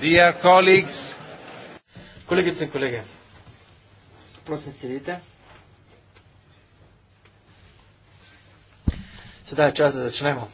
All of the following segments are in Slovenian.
dear colleagues. Kolegice in kolege, prosim, sedite. Sedaj je čas, da začnemo.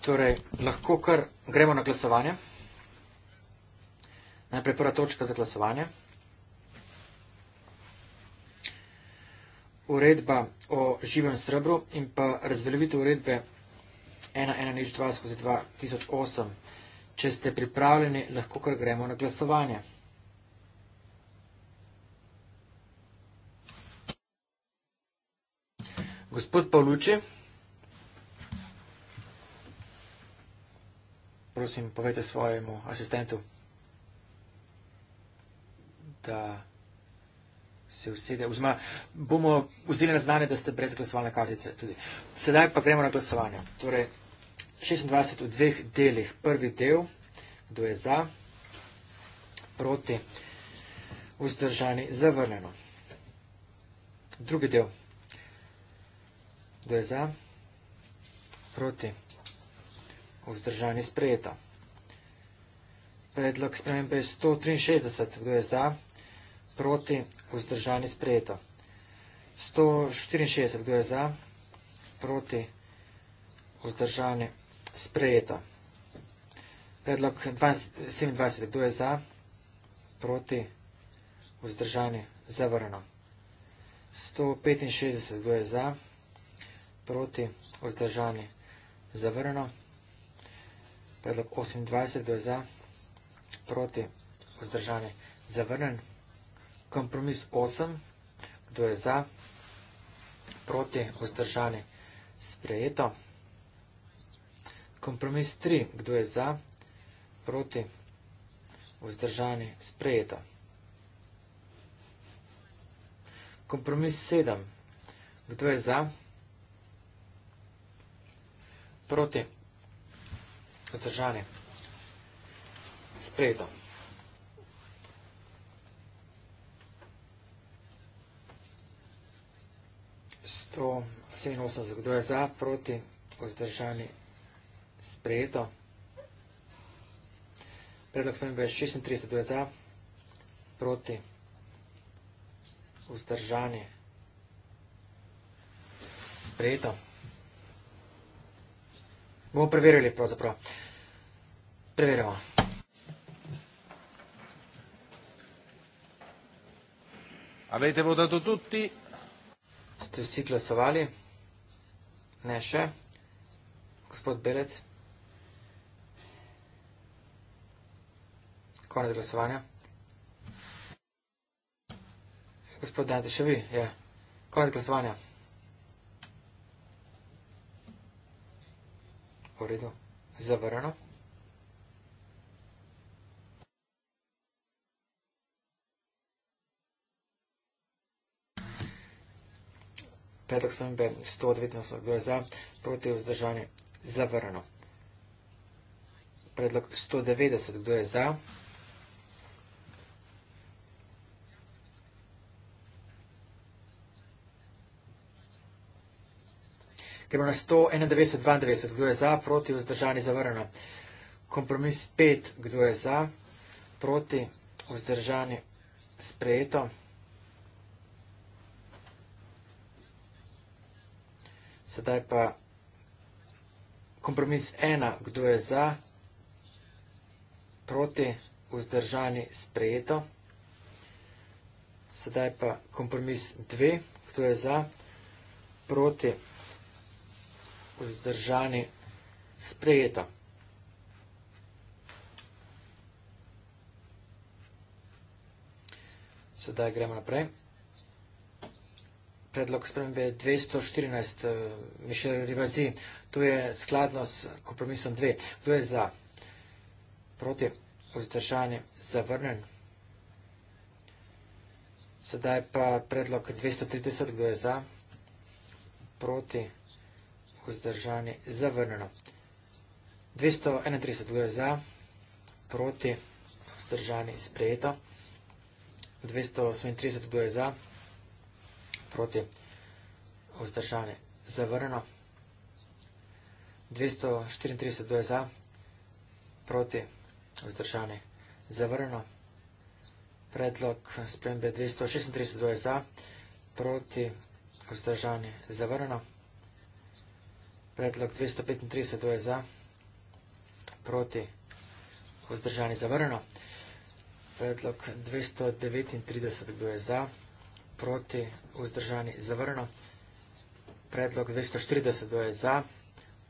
Torej, lahko kar gremo na glasovanje. Najprej prva točka za glasovanje. Uredba o živem srebru in pa razveljavitev uredbe 1102 skozi 2008. Če ste pripravljeni, lahko kar gremo na glasovanje. Gospod Pavluči. prosim, povejte svojemu asistentu, da se usede. Vzma, bomo vzeli na znanje, da ste brez glasovalne kartice tudi. Sedaj pa gremo na glasovanje. Torej, 26 v dveh delih. Prvi del, kdo je za, proti, vzdržani, zavrnjeno. Drugi del, kdo je za, proti, vzdržani vzdržanje sprejeta. Predlog spremembe je 163, kdo je za, proti, vzdržanje sprejeta. 164, kdo je za, proti, vzdržanje sprejeta. Predlog 27, kdo je za, proti, vzdržanje zavrano. 165, kdo je za, proti, vzdržanje zavrano predlog 28, kdo je za, proti, vzdržanje, zavrnen. Kompromis 8, kdo je za, proti, vzdržanje, sprejeto. Kompromis 3, kdo je za, proti, vzdržanje, sprejeto. Kompromis 7, kdo je za, proti, vzdržanje, sprejeto. Proti Zdržanje. Sprejeto. Sto sedemnosem zagodov je za, proti, vzdržani, sprejeto. Predlog smem bi je 36 je za, proti, vzdržani, sprejeto. Sprejeto. Bomo preverili, pravzaprav. Preverimo. Avete votato tutti? Ste vsi glasovali? Ne še? Gospod Belet? Konec glasovanja. Gospod Dante, še vi? Ja. Konec glasovanja. v redu, zavrano. Predlog spremembe 189, kdo je za, proti vzdržanje, zavrano. Predlog 190, kdo je za, proti vzdržanje, zavrano. Gremo na 191, 92, kdo je za, proti, vzdržani, zavrnjeno. Kompromis 5, kdo je za, proti, vzdržani, sprejeto. Sedaj pa kompromis 1, kdo je za, proti, vzdržani, sprejeto. Sedaj pa kompromis 2, kdo je za, proti, vzdržani, sprejeto vzdržani, sprejeta. Sedaj gremo naprej. Predlog spremembe 214 eh, Mišel Rivazi, tu je skladno s kompromisom 2. Kdo je za? Proti? Vzdržanje? Zavrnen? Sedaj pa predlog 230, kdo je za? Proti? vzdržani, zavrnjeno. 231 za, proti, vzdržani, sprejeto. 238 za, proti, vzdržani, zavrnjeno. 234 za, proti, vzdržani, zavrnjeno. Predlog spremembe 236 za, proti, vzdržani, zavrnjeno. Predlog 235 je za, proti, vzdržani zavrno. Predlog 239 je za, proti, vzdržani zavrno. Predlog 240 je za,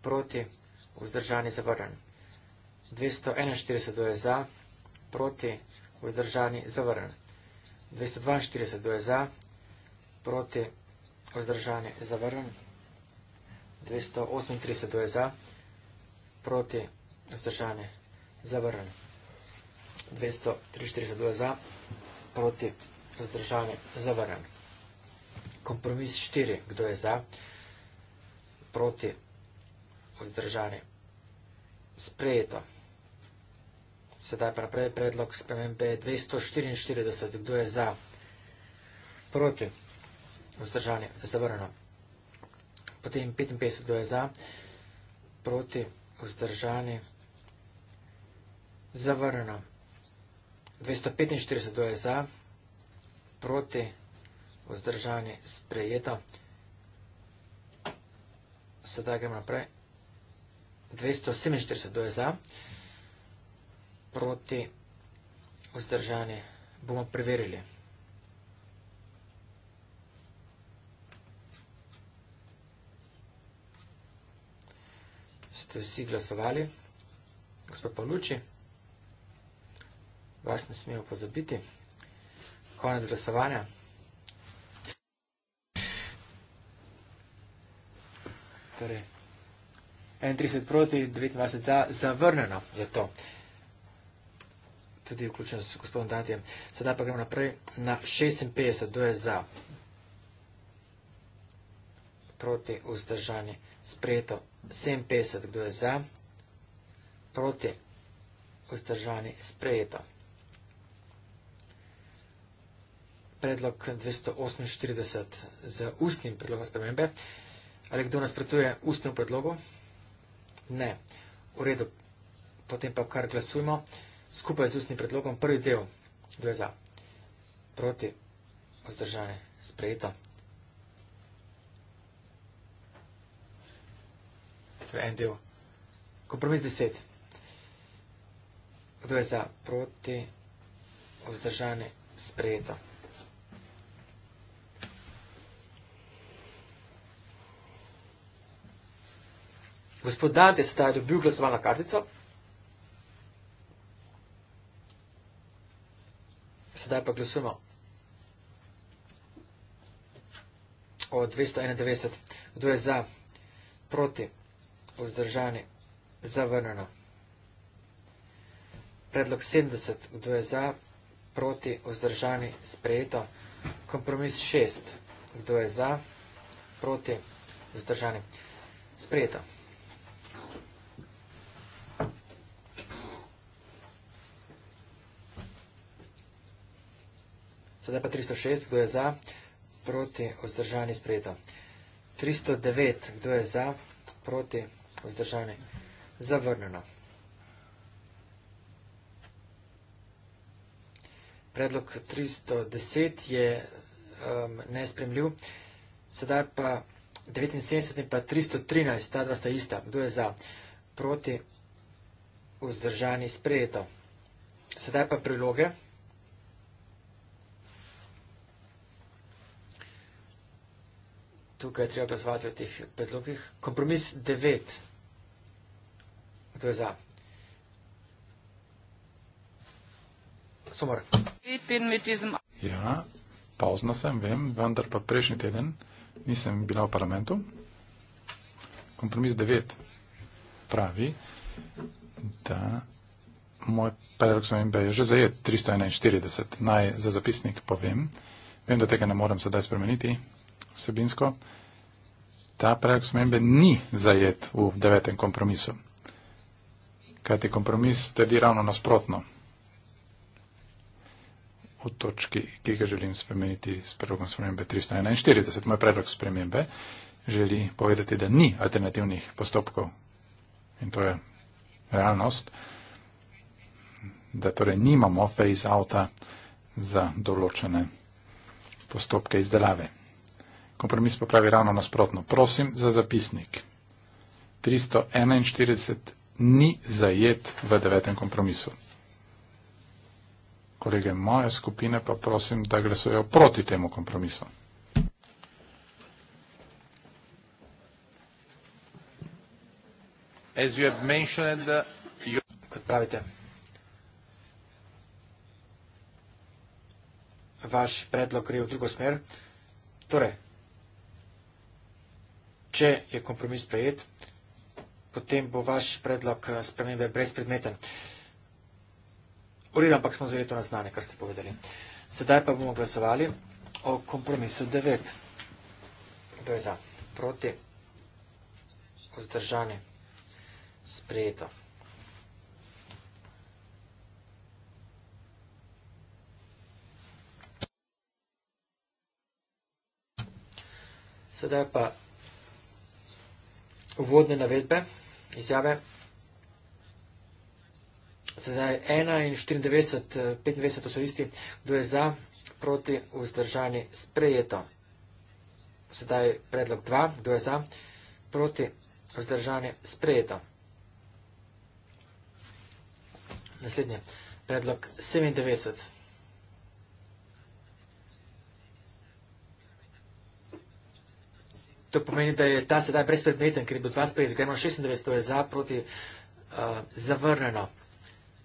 proti, vzdržani zavrno. 241 je za, proti, vzdržani zavrno. 242 je za, proti, vzdržani zavrno. 238 je za, proti vzdržane, zavrnjen. 243 je za, proti vzdržane, zavrnjen. Kompromis 4, kdo je za, proti vzdržane, sprejeto. Sedaj pa naprej predlog spremembe 244, kdo je za, proti vzdržane, zavrnjeno potem 55 kdo je za, proti, vzdržani, zavrnjeno. 245 kdo je za, proti, vzdržani, sprejeto. Sedaj gremo naprej. 247 kdo je za, proti, vzdržani, bomo preverili. ste vsi glasovali. Gospod Pavluči, vas ne smemo pozabiti. Konec glasovanja. Torej, 31 proti, 29 za, zavrnjeno je to. Tudi vključeno s gospodom Dantijem. Sedaj pa gremo naprej na 56, kdo je za. Proti, vzdržanje, sprejeto 57, kdo je za, proti, vzdržani, sprejeto. Predlog 248 z ustnim predlogom spremembe. Ali kdo nasprotuje ustnemu predlogu? Ne. V redu. Potem pa kar glasujmo skupaj z ustnim predlogom. Prvi del, kdo je za, proti, vzdržani, sprejeto. To je en del. Kompromis deset. Kdo je za proti vzdržanje sprejeto? Gospod Dante se je dobil glasovalno kartico. Sedaj pa glasujemo o 291. Kdo je za proti vzdržanje sprejeto? vzdržani, zavrnjeno. Predlog 70, kdo je za, proti, vzdržani, sprejeto. Kompromis 6, kdo je za, proti, vzdržani, sprejeto. Sedaj pa 306, kdo je za, proti, vzdržani, sprejeto. 309, kdo je za, proti, vzdržani. Vzdržanje. Zavrnjeno. Predlog 310 je um, nespremljiv. Sedaj pa 79 in pa 313, ta dva sta ista. Kdo je za? Proti vzdržani sprejeto. Sedaj pa priloge. Tukaj je treba glasovati o teh predlogih. Kompromis 9. Dvoza. Somor. Ja, pauzna sem, vem, vendar pa prejšnji teden nisem bila v parlamentu. Kompromis 9 pravi, da moj predlog za MB je že zajet 341. Naj za zapisnik povem, vem, da tega ne morem sedaj spremeniti vsebinsko. Ta predlog za MB ni zajet v devetem kompromisu kajti kompromis trdi ravno nasprotno v točki, ki ga želim spremeniti s predlogom spremembe 341. Moj predlog spremembe želi povedati, da ni alternativnih postopkov in to je realnost, da torej nimamo face-outa za določene postopke izdelave. Kompromis popravi ravno nasprotno. Prosim za zapisnik. 341 ni zajet v devetem kompromisu. Kolege moje skupine pa prosim, da glasujejo proti temu kompromisu. As you have mentioned, uh, you... Kot pravite, vaš predlog gre v drugo smer. Torej, če je kompromis prejet, potem bo vaš predlog eh, spremembe brezpredmeten. Ureda, ampak smo zelo to naznane, kar ste povedali. Sedaj pa bomo glasovali o kompromisu 9. Kdo je za? Proti? Vzdržani? Sprejeto. Sedaj pa uvodne navedbe, izjave. Sedaj 1 in 94, 95 so isti, kdo je za, proti, vzdržani, sprejeto. Sedaj predlog 2, kdo je za, proti, vzdržani, sprejeto. Naslednje, predlog 97. To pomeni, da je ta sedaj brezpredmeten, ker je bil 2 sprejet, gremo 96, to je za, proti, uh, eh, zavrneno.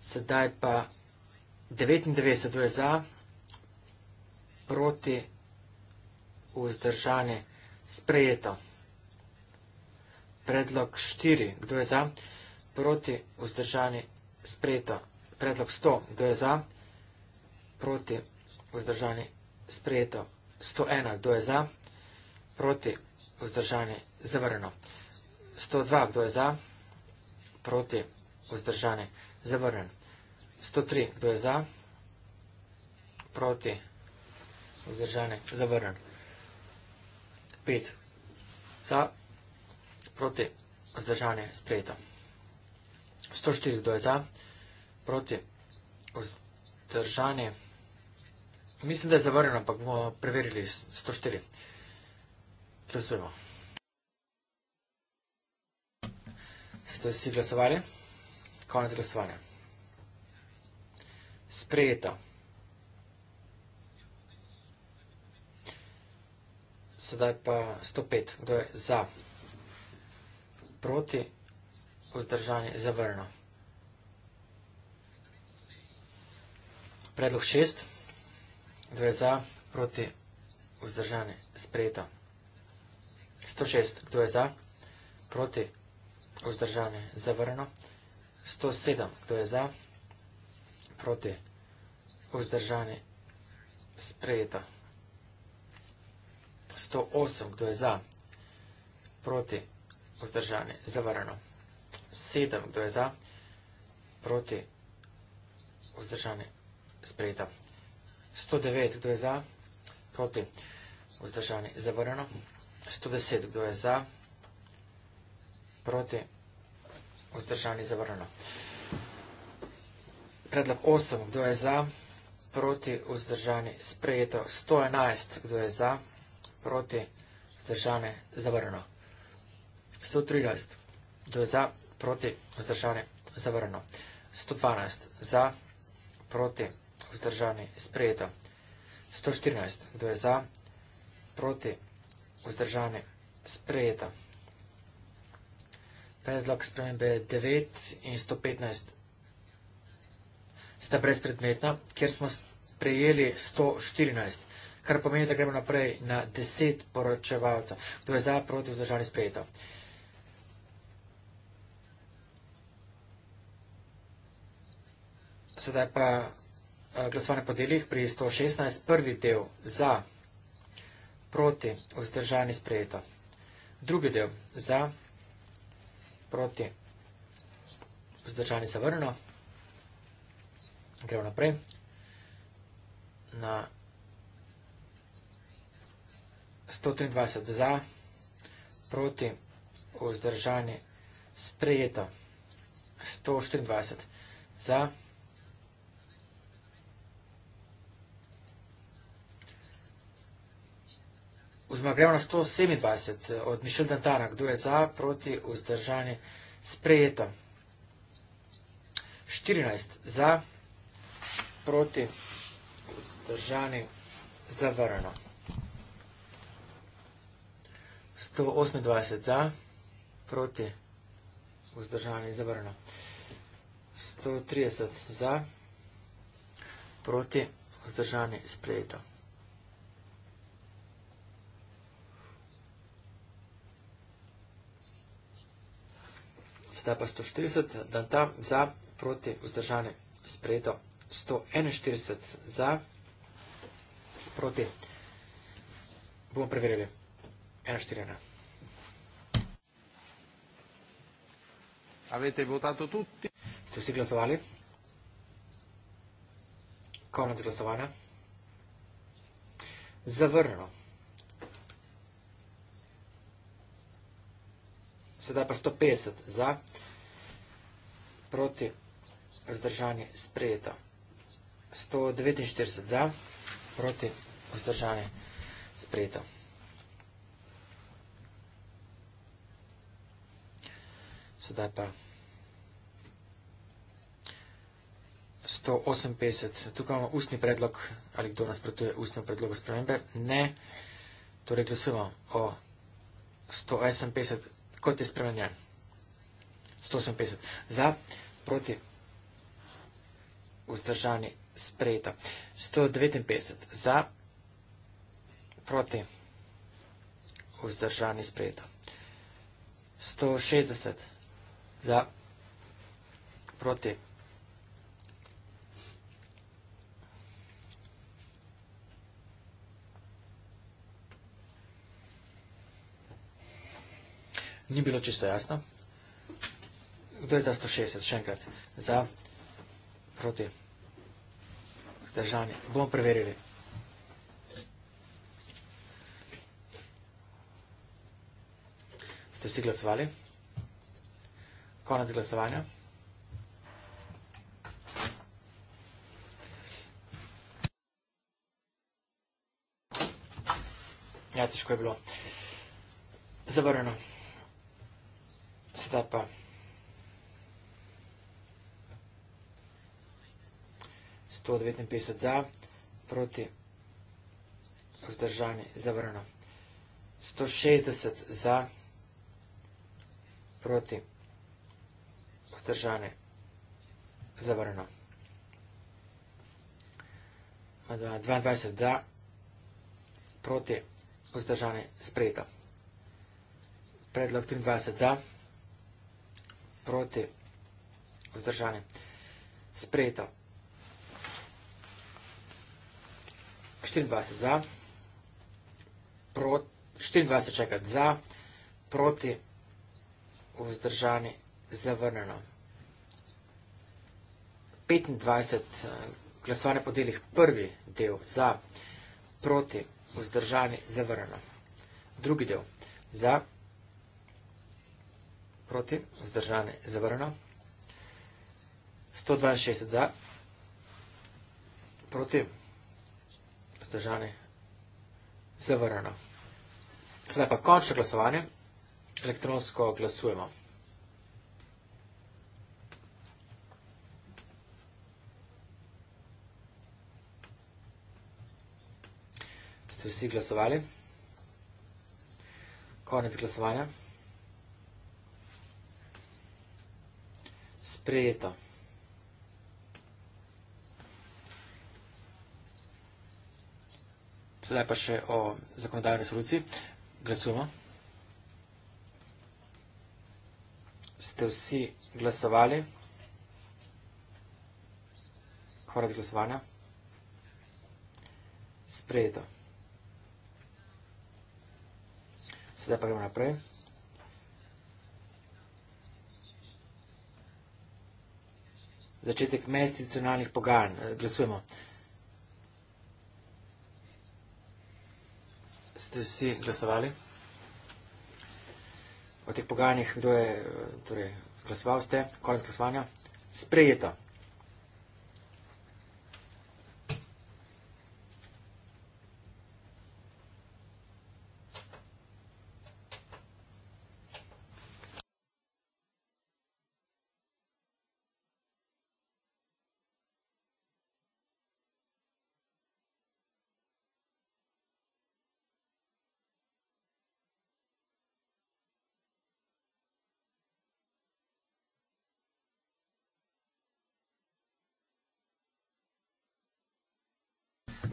Sedaj pa 99, to je za, proti, vzdržane, sprejeto. Predlog 4, kdo je za, proti, vzdržane, sprejeto. Predlog 100, kdo je za, proti, vzdržane, sprejeto. 101, kdo je za, proti, vzdržanje zavrno. 102, kdo je za, proti, vzdržanje zavrnen. 103, kdo je za, proti, vzdržanje zavrnen. 5, za, proti, vzdržanje sprejeto. 104, kdo je za, proti, vzdržanje, mislim, da je zavrnen, ampak bomo preverili 104. Glasujemo. Ste vsi glasovali? Konec glasovanja. Sprejeto. Sedaj pa 105. Kdo je za? Proti? Vzdržanje za vrno. Predlog 6. Kdo je za? Proti? Vzdržanje sprejeto. 106, kdo je za? Proti, vzdržanje, zavrno. 107, kdo je za? Proti, vzdržanje, sprejeta. 108, kdo je za? Proti, vzdržanje, zavrno. 7, kdo je za? Proti, vzdržanje, sprejeta. 109, kdo je za? Proti, vzdržanje, zavrno. 109, kdo je za? 110, kdo je za, proti, vzdržani, zavrnjeno. Predlog 8, kdo je za, proti, vzdržani, sprejeto. 111, kdo je za, proti, vzdržani, zavrnjeno. 113, kdo je za, proti, vzdržani, zavrnjeno. 112, za, proti, vzdržani, sprejeto. 114, kdo je za, proti, vzdržani, zavrnjeno vzdržanega, sprejeta. Predlog spremembe 9 in 115 sta brezpredmetna, ker smo sprejeli 114, kar pomeni, da gremo naprej na 10 poročevalcev. To je za proti vzdržanje sprejeta. Sedaj pa eh, glasovanje po delih pri 116, prvi del za proti, vzdržani sprejeto. Drugi del, za, proti, vzdržani zavrnjeno. Gremo naprej. Na 123 za, proti, vzdržani sprejeto. 124 za, proti, vzdržani sprejeto. Oziroma, gremo na 127 eh, od Mišel Dantana, kdo je za, proti, vzdržanje, sprejeta. 14 za, proti, vzdržanje, zavrano. 128 za, proti, vzdržanje, zavrano. 130 za, proti, vzdržanje, sprejeta. zdaj pa 140, da tam za proti vzdržane spredo 141 za proti. Bomo preverili. 141. Avete votato tutti? Ste vsi glasovali? Konec glasovanja. Zavrnilo. sedaj pa 150 za, proti vzdržanje sprejeto. 149 za, proti vzdržanje sprejeto. Sedaj pa 158. Tukaj imamo ustni predlog, ali kdo nas pretuje ustno predlogo spremembe. Ne, torej glasujemo o 158 predlogu kot je spremenjen. 158. Za, proti, vzdržani, sprejeto. 159. Za, proti, vzdržani, sprejeto. 160. Za, proti, vzdržani, sprejeto. Ni bilo čisto jasno. Kdo je za 160? Še enkrat. Za? Proti? Zdržanje. Bomo preverili. Ste vsi glasovali? Konec glasovanja. Ja, težko je bilo. Zavrljeno sta pa. To 59 za, proti vzdržani, zavrano. 160 za, proti vzdržani, zavrano. 22 za, proti vzdržani, sprejeto. Predlog 23 za proti vzdržanje. Sprejeto. 24 za, proti, 24 čakati za, proti vzdržanje zavrneno. 25 eh, glasovanje po delih prvi del za, proti vzdržanje zavrneno. Drugi del za, proti vzdržanje zavrneno proti, vzdržane je zavrno. 162 za, proti, vzdržane je zavrno. Sedaj pa končno glasovanje. Elektronsko glasujemo. Ste vsi glasovali? Konec glasovanja. sprejeta. Sedaj pa še o zakonodajni resoluciji. Glasujemo. Ste vsi glasovali? Hvala za glasovanje. Sprejeto. Sedaj pa gremo naprej. začetek mestitucionalnih pogajanj. Eh, glasujemo. Ste vsi glasovali? O teh pogajanjih, kdo je, eh, torej, glasoval ste? Konec glasovanja? Sprejeto.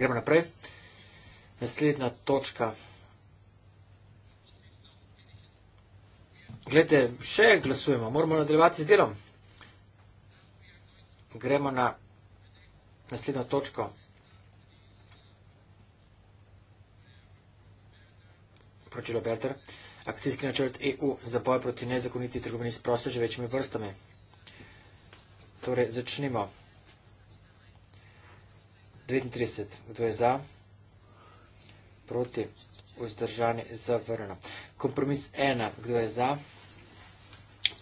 gremo naprej. Naslednja točka. Glede, še glasujemo, moramo nadaljevati z delom. Gremo na naslednjo točko. Pročilo Berter. Akcijski načrt EU za boj proti nezakoniti trgovini s prosto že večjimi vrstami. Torej, začnimo. 39, kdo je za, proti, vzdržani, zavrno. Kompromis 1, kdo je za,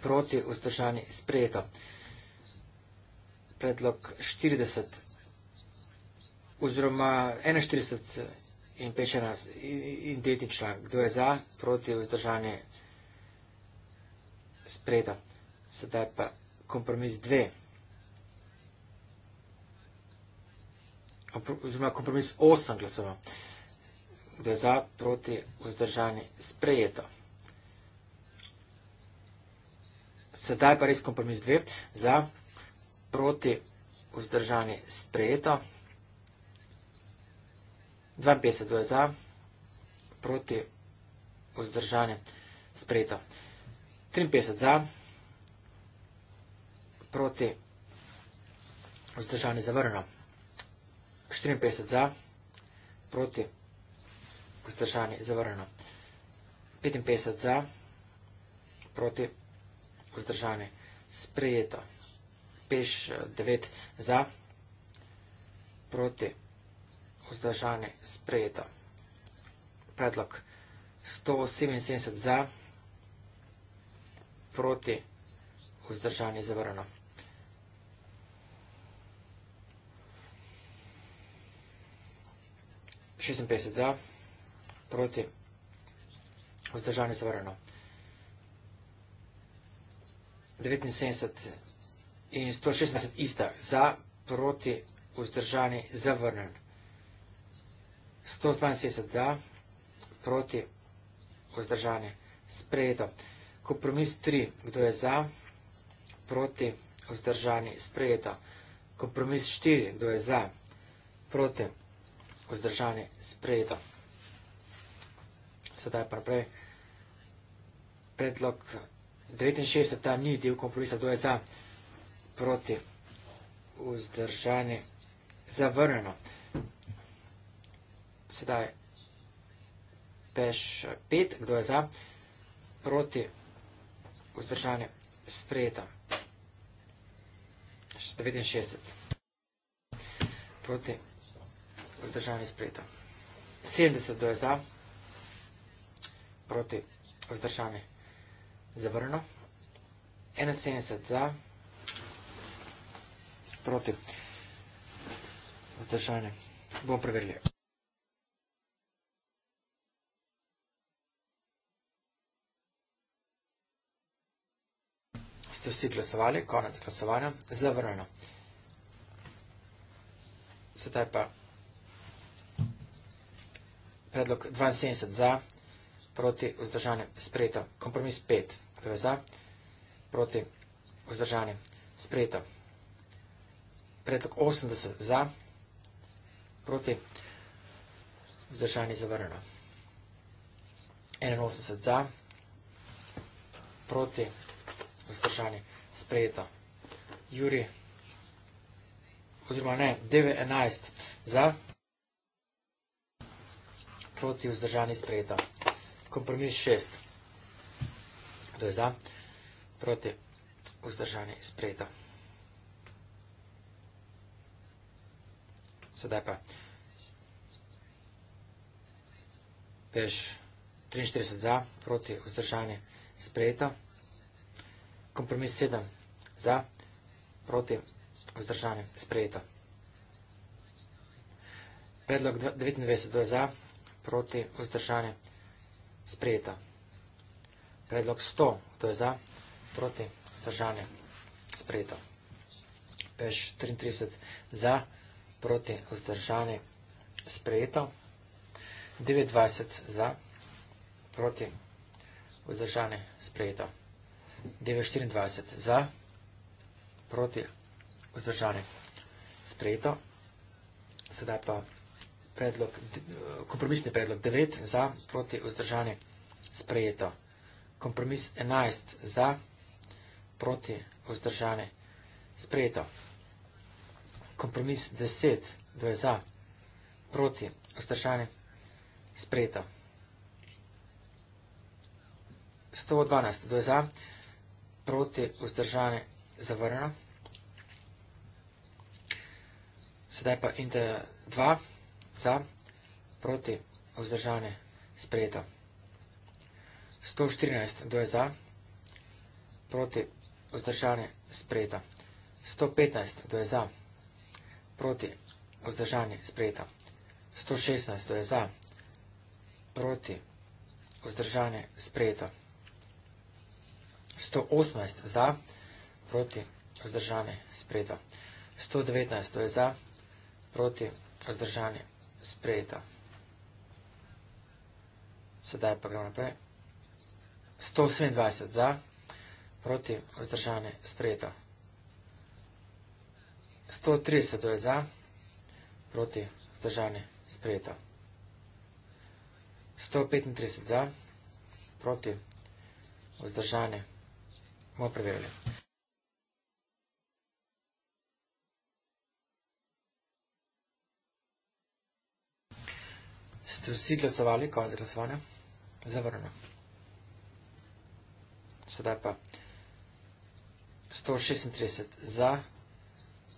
proti, vzdržani, sprejeto. Predlog 40, oziroma 41 in 15 in 9 član, kdo je za, proti, vzdržani, sprejeto. Sedaj pa kompromis 2. oziroma kompromis 8 glasoval, da je za proti vzdržanje sprejeto. Sedaj pa res kompromis 2, za proti vzdržanje sprejeto. 52 je za, proti vzdržanje sprejeto. 53 za, proti vzdržanje zavrnjeno. 54 za, proti, vzdržani, zavrnjeno. 55 za, proti, vzdržani, sprejeto. 59 eh, za, proti, vzdržani, sprejeto. Predlog 177 za, proti, vzdržani, zavrnjeno. 56 za, proti, vzdržani zavrano. 79 in 160 ista, za, proti, vzdržani zavrnen. 172 za, proti, vzdržani sprejeto. Kompromis 3, kdo je za, proti, vzdržani sprejeto. Kompromis 4, kdo je za, proti, vzdržani sprejeto vzdržanje sprejeto. Sedaj pa prej predlog 69, tam ni del kompromisa, kdo je za, proti vzdržanje zavrnjeno. Sedaj peš 5, kdo je za, proti vzdržanje sprejeto. 69. Proti vzdržanje sprejeto. 70 do je za, proti vzdržanje zavrno. 71 za, proti vzdržanje. Bom preverili. Ste vsi glasovali, konec glasovanja, zavrno. Sedaj pa predlog 72 za, proti vzdržanje sprejeto, kompromis 5, to je za, proti vzdržanje sprejeto, predlog 80 za, proti vzdržanje zavrneno, 81 za, proti vzdržanje sprejeto, Juri, oziroma ne, 9, 11 za, proti vzdržanje sprejeto, proti vzdržani sprejeta. Kompromis šest. To je za, proti vzdržani sprejeta. Sedaj pa. Peš 43 za, proti vzdržani sprejeta. Kompromis sedem za, proti vzdržani sprejeta. Predlog 29 je za, proti vzdržanje sprejeta. Predlog 100, to je za, proti vzdržanje sprejeta. Peš 33, za, proti vzdržanje sprejeta. 29, za, proti vzdržanje sprejeta. 924, za, proti vzdržanje sprejeta. Sedaj pa predlog, eh, kompromisni predlog 9 za proti vzdržanje sprejeto. Kompromis 11 za proti vzdržanje sprejeto. Kompromis 10 2 za proti vzdržanje sprejeto. 112 2 za proti vzdržanje zavrnjeno. Sedaj pa inter 2 za, proti, vzdržane, sprejeto. 114, kdo je za, proti, vzdržane, sprejeto. 115, kdo je za, proti, vzdržane, sprejeto. 116, kdo je za, proti, vzdržane, sprejeto. 118, za, proti, vzdržane, sprejeto. 119, kdo je za, proti, vzdržane, sprejeto sprejeta. Sedaj pa gremo naprej. 127 za, proti vzdržane sprejeta. 130 je torej za, proti vzdržane sprejeta. 135 za, proti vzdržane. Bomo preverili. Ste vsi glasovali, konc glasovanja? Zavrno. Sedaj pa 136 za,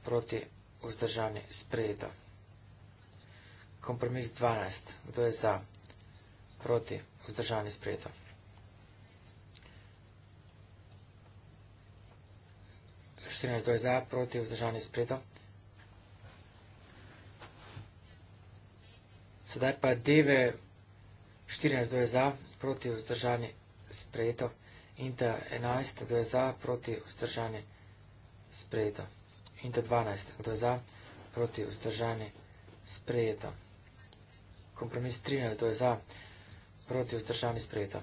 proti vzdržanje sprejeto. Kompromis 12. Kdo je za, proti vzdržanje sprejeto? Štirinaest dojza proti vzdržanje spredo. Sedaj pa DV 14, kdo je za, proti vzdržanje sprejeto. Inta 11, kdo je za, proti vzdržanje sprejeto. Inta 12, kdo je za, proti vzdržanje sprejeto. Kompromis 13, kdo je za, proti vzdržanje sprejeto.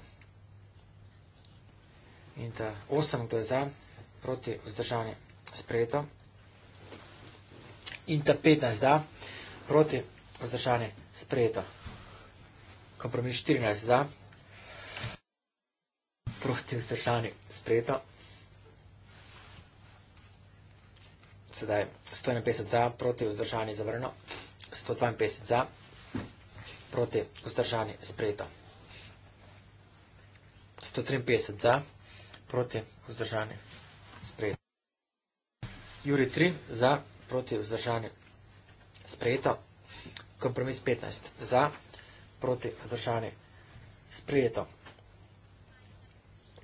Inta 8, kdo je za, proti vzdržanje sprejeto. Inta 15, da, proti vzdržanje sprejeto. Vzdržanje sprejeto. Kompromis 14 za. Proti vzdržanje sprejeto. Sedaj 151 za, proti vzdržanje zavrno. 152 za, proti vzdržanje sprejeto. 153 za, proti vzdržanje sprejeto. Juri 3 za, proti vzdržanje sprejeto kompromis 15 za, proti vzdržanje sprejeto.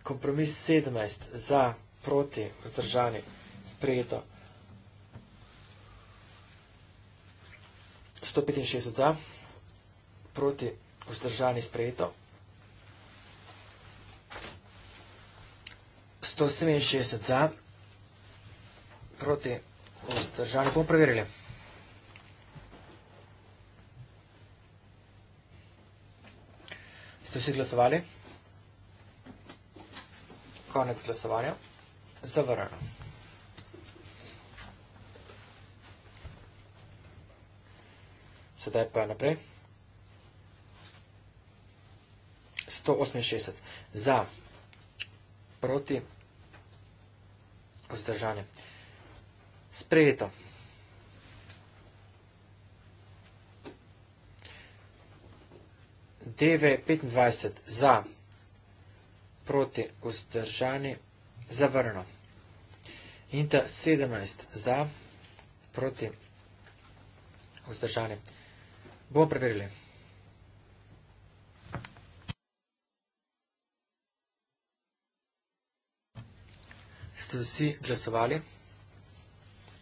Kompromis 17 za, proti vzdržanje sprejeto. 165 za, proti vzdržanje sprejeto. 167 za, proti vzdržanje, bomo preverili. Ste vsi glasovali? Konec glasovanja. Zavrano. Sedaj pa naprej. 168. Za. Proti. Vzdržanje. Sprejeto. DV 25 za proti vzdržani zavrno. INTA 17 za proti vzdržani. Bomo preverili. Ste vsi glasovali?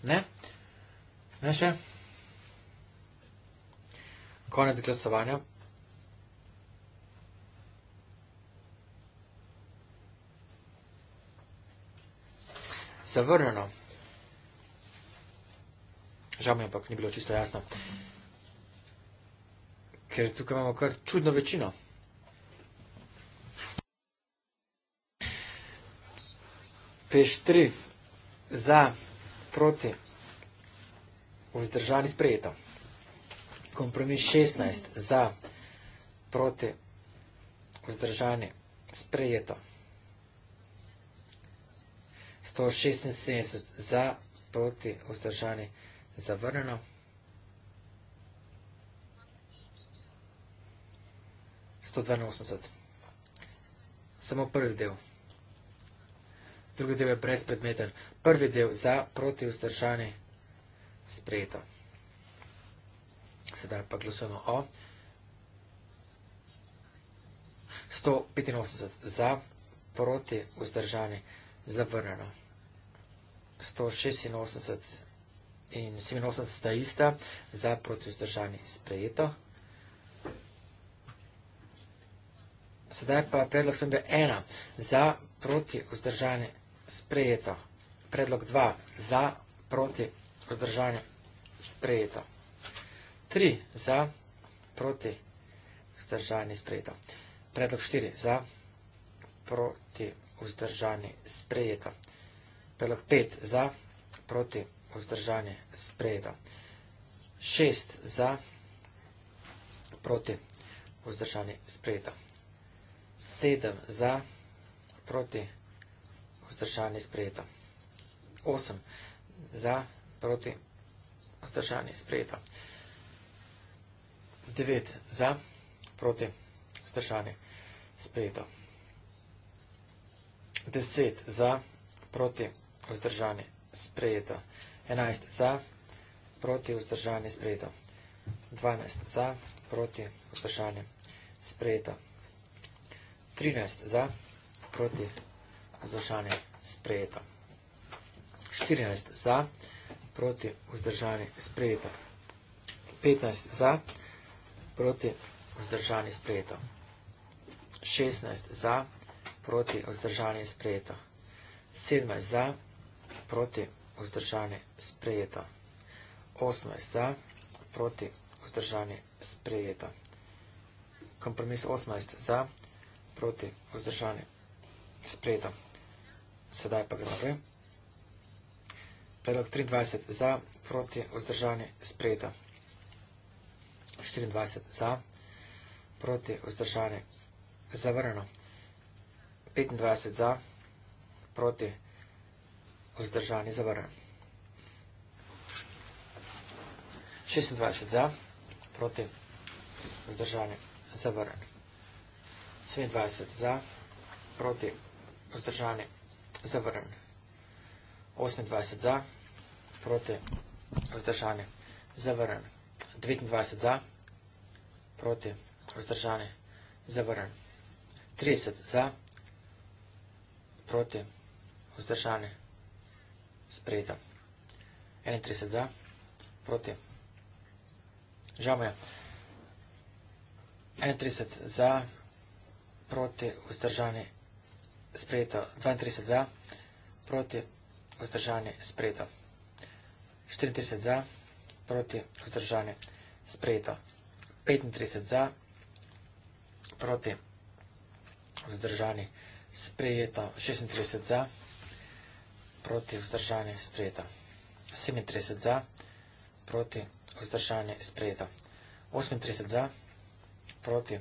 Ne? Ne še? Konec glasovanja. zavrnjeno. Žal mi je, ampak ni bilo čisto jasno. Ker tukaj imamo kar čudno večino. Peš tri za, proti, vzdržani sprejeto. Kompromis 16 za, proti, vzdržani sprejeto. 176 za, proti, vzdržani, zavrneno. Samo prvi del. Drugi del je brezpredmeten. Prvi del za proti vzdržani sprejeto. Sedaj pa glasujemo o. 185 za proti vzdržani zavrneno. 186 in 87 ista za protivzdržanje sprejeto. Sedaj pa predlog spremembe 1 za protivzdržanje sprejeto. Predlog 2 za protivzdržanje sprejeto. 3 za protivzdržanje sprejeto. Predlog 4 za protivzdržanje sprejeto predlog 5 za, proti vzdržanje sprejeta. 6 za, proti vzdržanje sprejeta. 7 za, proti vzdržanje sprejeta. 8 za, proti vzdržanje sprejeta. 9 za, proti vzdržanje sprejeta. 10 za, proti vzdržanje sprejeta vzdržani, sprejeto. 11 za, proti vzdržani, sprejeto. 12 za, proti vzdržani, sprejeto. 13 za, proti vzdržani, sprejeto. 14 za, proti vzdržani, sprejeto. 15 za, proti vzdržani, sprejeto. 16 za, proti vzdržani, sprejeto. 17 za, proti vzdržani sprejeta. 18 za, proti vzdržani sprejeta. Kompromis 18 za, proti vzdržani sprejeta. Sedaj pa gremo prej. Predlog 23 za, proti vzdržani sprejeta. 24 za, proti vzdržani zavrano. 25 za, proti vzdržani sprejeta vzdržani zavrn. 26 za, proti, vzdržani zavrn. 27 za, proti, vzdržani zavrn. 28 za, proti, vzdržani zavrn. 29 za, proti, vzdržani zavrn. 30 za, proti, vzdržani zavrn sprejeta. 31 za, proti. Žal me je. 31 za, proti, vzdržanje, sprejeta. 32 za, proti, vzdržanje, sprejeta. 34 za, proti, vzdržanje, sprejeta. 35 za, proti, vzdržanje, sprejeta. 36 za, proti proti vzdržanje sprejeta. 37 za, proti vzdržanje sprejeta. 38 za, proti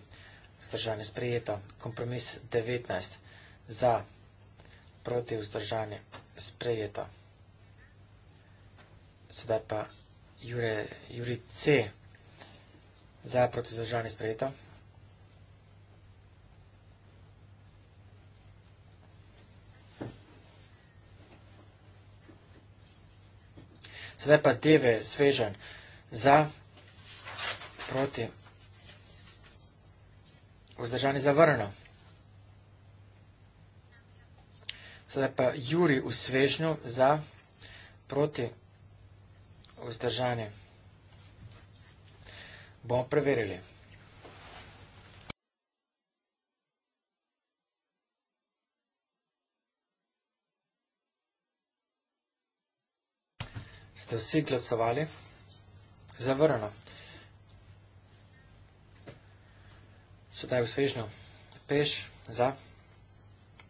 vzdržanje sprejeta. Kompromis 19 za, proti vzdržanje sprejeta. Sedaj pa Juri C. Za proti vzdržanje sprejeta. Zdaj pa teve svežen za, proti, vzdržani zavrno. Zdaj pa Juri v svežnju za, proti, vzdržani. Bomo preverili. ste vsi glasovali za vrno. Sedaj v svežnju peš za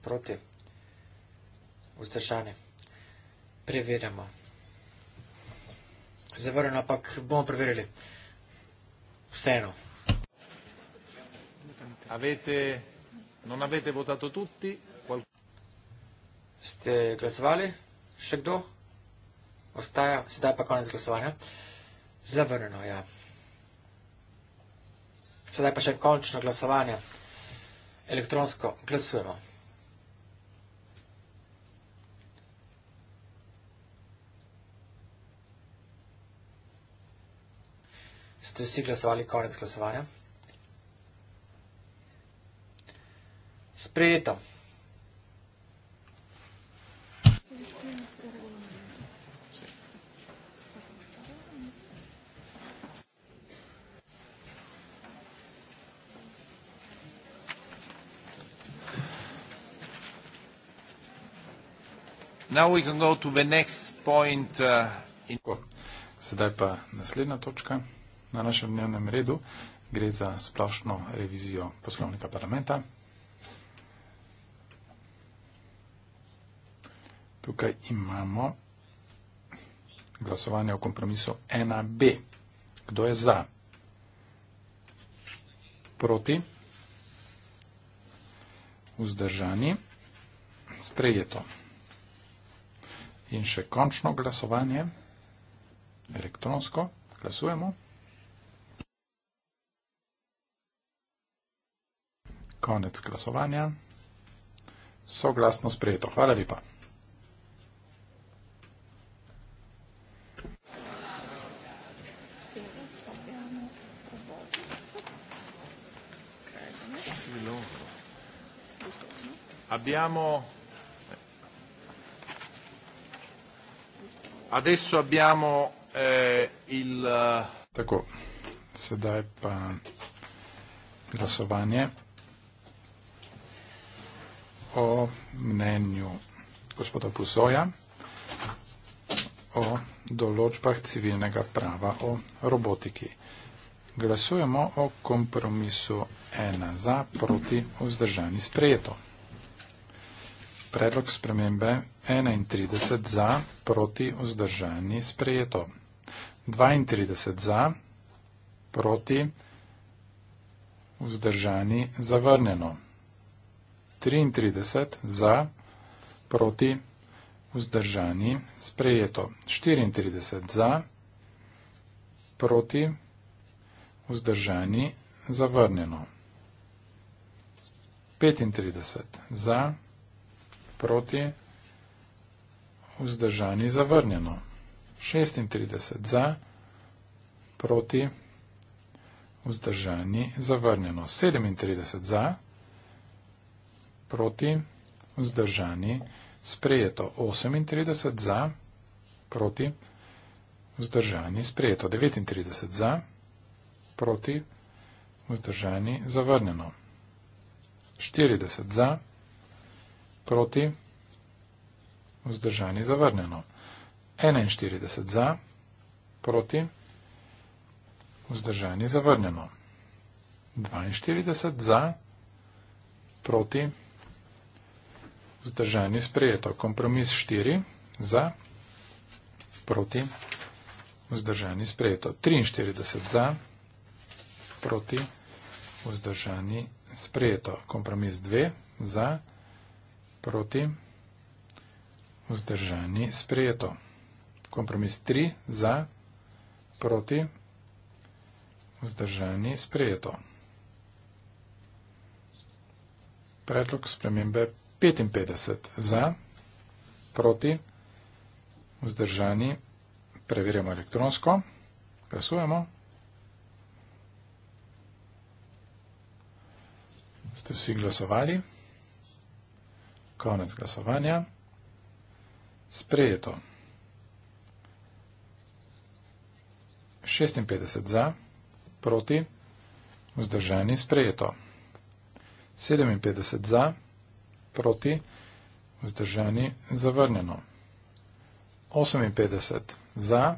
proti vzdržanje. Preverjamo. Zavrljeno, ampak bomo preverili. Vseeno. Avete, non avete votato tutti? Qual... Ste glasovali? Še kdo? Ostaja, sedaj pa konec glasovanja. Zavrnjeno, ja. Sedaj pa še končno glasovanje. Elektronsko glasujemo. Ste vsi glasovali konec glasovanja? Sprejeto. Now we can go to the next point uh, in. Sedaj pa naslednja točka na našem dnevnem redu. Gre za splošno revizijo poslovnika parlamenta. Tukaj imamo glasovanje o kompromisu 1b. Kdo je za? Proti? Vzdržani? Sprejeto. In še končno glasovanje, elektronsko, glasujemo. Konec glasovanja. Soglasno sprejeto. Hvala lepa. Abbiamo Adesso abbiamo eh, il... Eh, Tako, sedaj pa glasovanje o mnenju gospoda Pusoja o določbah civilnega prava o robotiki. Glasujemo o kompromisu ena za proti vzdržani sprejeto predlog spremembe 31 za, proti vzdržani sprejeto. 32 za, proti vzdržani zavrnjeno. 33 za, proti vzdržani sprejeto. 34 za, proti vzdržani zavrnjeno. 35 za, proti vzdržani sprejeto proti, vzdržani zavrnjeno. 36 za, proti, vzdržani zavrnjeno. 37 za, proti, vzdržani sprejeto. 38 za, proti, vzdržani sprejeto. 39 za, proti, vzdržani zavrnjeno. 40 za, proti, vzdržani zavrnjeno proti, vzdržani zavrnjeno. 41 za, proti, vzdržani zavrnjeno. 42 za, proti, vzdržani sprejeto. Kompromis 4 za, proti, vzdržani sprejeto. 43 za, proti, vzdržani sprejeto. Kompromis 2 za, proti, proti, vzdržani, sprejeto. Kompromis 3 za, proti, vzdržani, sprejeto. Predlog spremembe 55 za, proti, vzdržani, preverjamo elektronsko, glasujemo. Ste vsi glasovali? Konec glasovanja. Sprejeto. 56 za, proti, vzdržani, sprejeto. 57 za, proti, vzdržani, zavrnjeno. 58 za,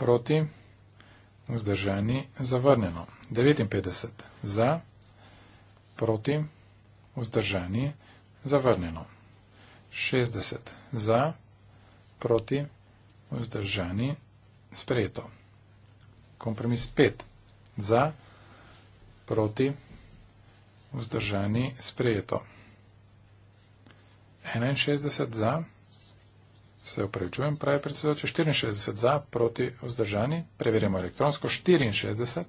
proti, vzdržani, zavrnjeno. 59 za, proti, vzdržani, zavrnjeno zavrnjeno. 60 za, proti, vzdržani, sprejeto. Kompromis 5 za, proti, vzdržani, sprejeto. 61 za, se upravičujem, pravi predsedoče, 64 za, proti, vzdržani, preverjamo elektronsko, 64 za,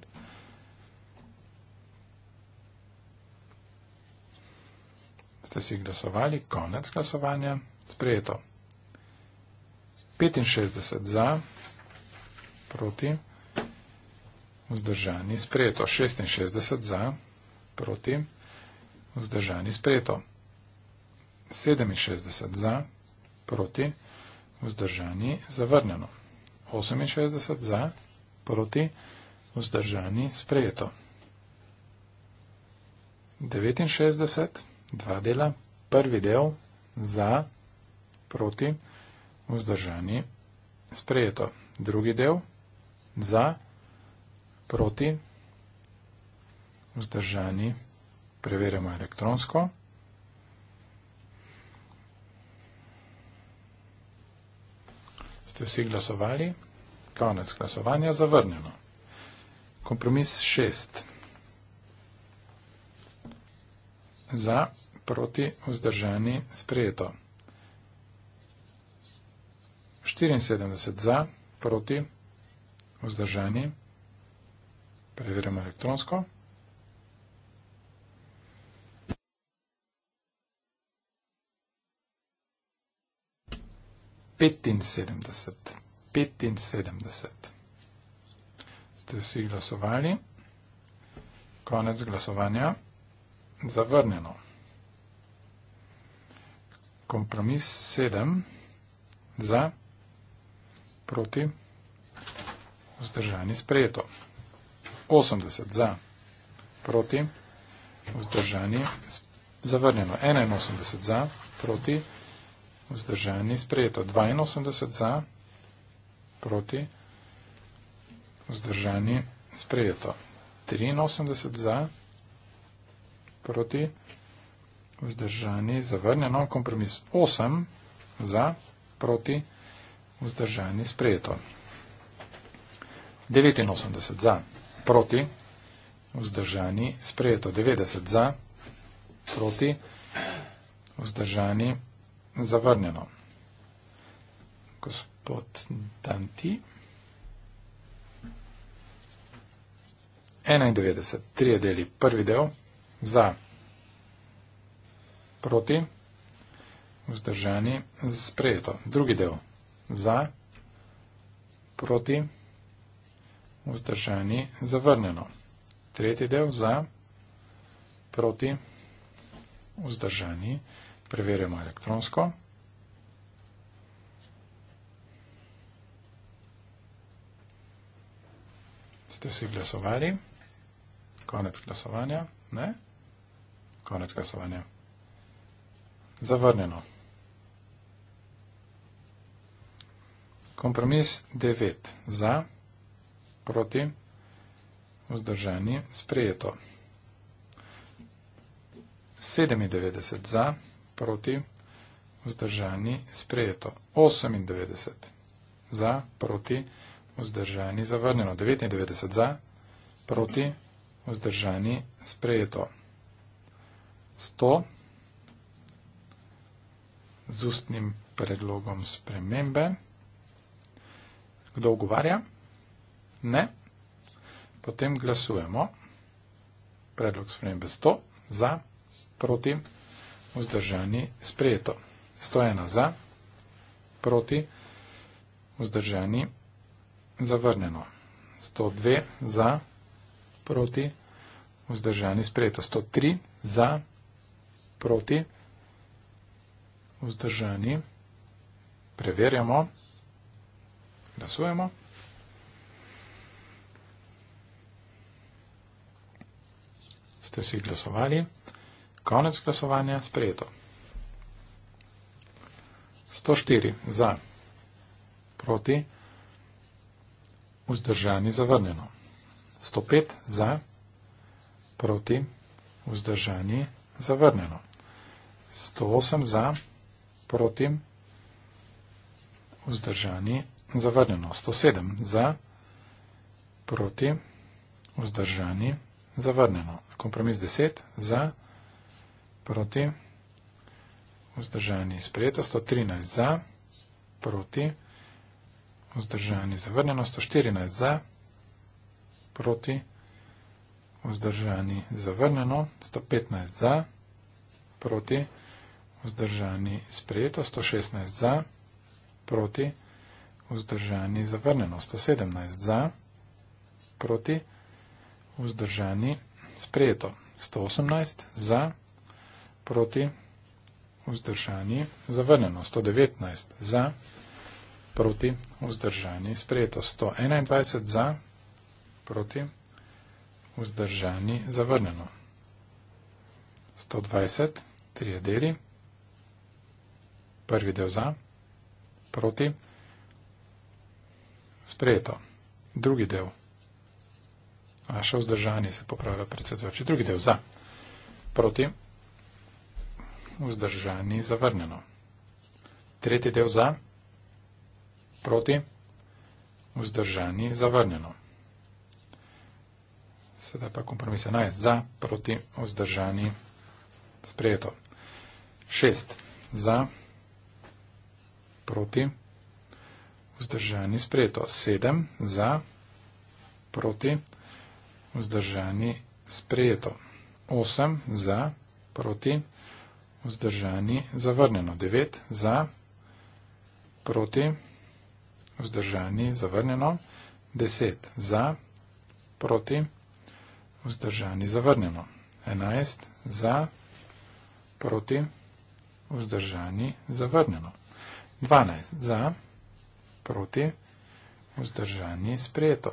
ste si glasovali, konec glasovanja, sprejeto. 65 za, proti, vzdržani, sprejeto. 66 za, proti, vzdržani, sprejeto. 67 za, proti, vzdržani, zavrnjeno. 68 za, proti, vzdržani, sprejeto. 69 za, proti, vzdržani, sprejeto dva dela. Prvi del za, proti, vzdržani, sprejeto. Drugi del za, proti, vzdržani, preverjamo elektronsko. Ste vsi glasovali? Konec glasovanja zavrnjeno. Kompromis šest. Kompromis šest. za, proti, vzdržani, sprejeto. 74 za, proti, vzdržani, preverjamo elektronsko. Petinsedemdeset. Petinsedemdeset. Ste vsi glasovali? Konec glasovanja zavrnjeno. Kompromis 7 za proti vzdržani sprejeto. 80 za proti vzdržani zavrnjeno. 81 za proti vzdržani sprejeto. 82 za proti vzdržani sprejeto. 83 za proti vzdržani sprejeto proti, vzdržani, zavrnjeno, kompromis 8 za, proti, vzdržani, sprejeto. 89 za, proti, vzdržani, sprejeto. 90 za, proti, vzdržani, zavrnjeno. Gospod Danti. 91, 3 deli, prvi del za, proti, vzdržani, sprejeto. Drugi del, za, proti, vzdržani, zavrnjeno. Tretji del, za, proti, vzdržani, preverjamo elektronsko. Ste vsi glasovali? Konec glasovanja? Ne? Ne? konec glasovanja. Zavrnjeno. Kompromis 9. Za, proti, vzdržani, sprejeto. 97. Za, proti, vzdržani, sprejeto. 98. Za, proti, vzdržani, zavrnjeno. 99. Za, proti, vzdržani, sprejeto. 100 z ustnim predlogom spremembe. Kdo ugovarja? Ne. Potem glasujemo. Predlog spremembe 100 za, proti, vzdržani, sprejeto. 101 za, proti, vzdržani, zavrnjeno. 102 za, proti, vzdržani, sprejeto. 103 za, proti, proti, vzdržani, preverjamo, glasujemo. Ste si glasovali, konec glasovanja sprejeto. 104 za, proti, vzdržani, zavrnjeno. 105 za, proti, vzdržani, zavrnjeno. 108 za, proti, vzdržani, zavrnjeno. 107 za, proti, vzdržani, zavrnjeno. Kompromis 10 za, proti, vzdržani, sprejeto. 113 za, proti, vzdržani, zavrnjeno. 114 za, proti, vzdržani, zavrnjeno. 115 za, proti, vzdržani, zavrnjeno vzdržani sprejeto, 116 za, proti, vzdržani zavrnjeno, 117 za, proti, vzdržani sprejeto, 118 za, proti, vzdržani zavrnjeno, 119 za, proti, vzdržani sprejeto, 121 za, proti, vzdržani zavrnjeno. 120, 3 deli prvi del za, proti, sprejeto, drugi del, a še vzdržani se popravlja predsedujoči, drugi del za, proti, vzdržani zavrnjeno, tretji del za, proti, vzdržani zavrnjeno. Sedaj pa kompromis je naj za, proti, vzdržani, sprejeto. Šest. Za, proti, vzdržani sprejeto, sedem za, proti, vzdržani sprejeto, osem za, proti, vzdržani zavrnjeno, devet za, proti, vzdržani zavrnjeno, deset za, proti, vzdržani zavrnjeno, enajst za, proti, vzdržani zavrnjeno. 12 za, proti, vzdržanje sprejeto.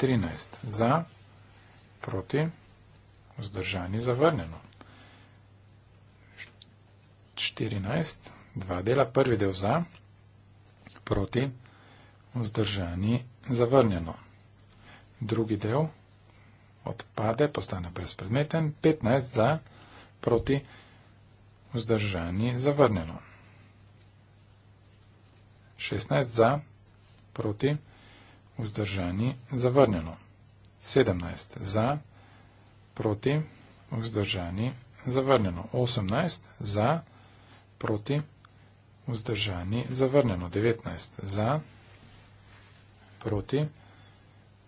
13 za, proti, vzdržanje zavrnjeno. 14, dva dela, prvi del za, proti, vzdržanje zavrnjeno. Drugi del odpade, postane brezpredmeten. 15 za, proti, vzdržanje zavrnjeno. 16 za, proti, vzdržani, zavrnjeno. 17 za, proti, vzdržani, zavrnjeno. 18 za, proti, vzdržani, zavrnjeno. 19 za, proti,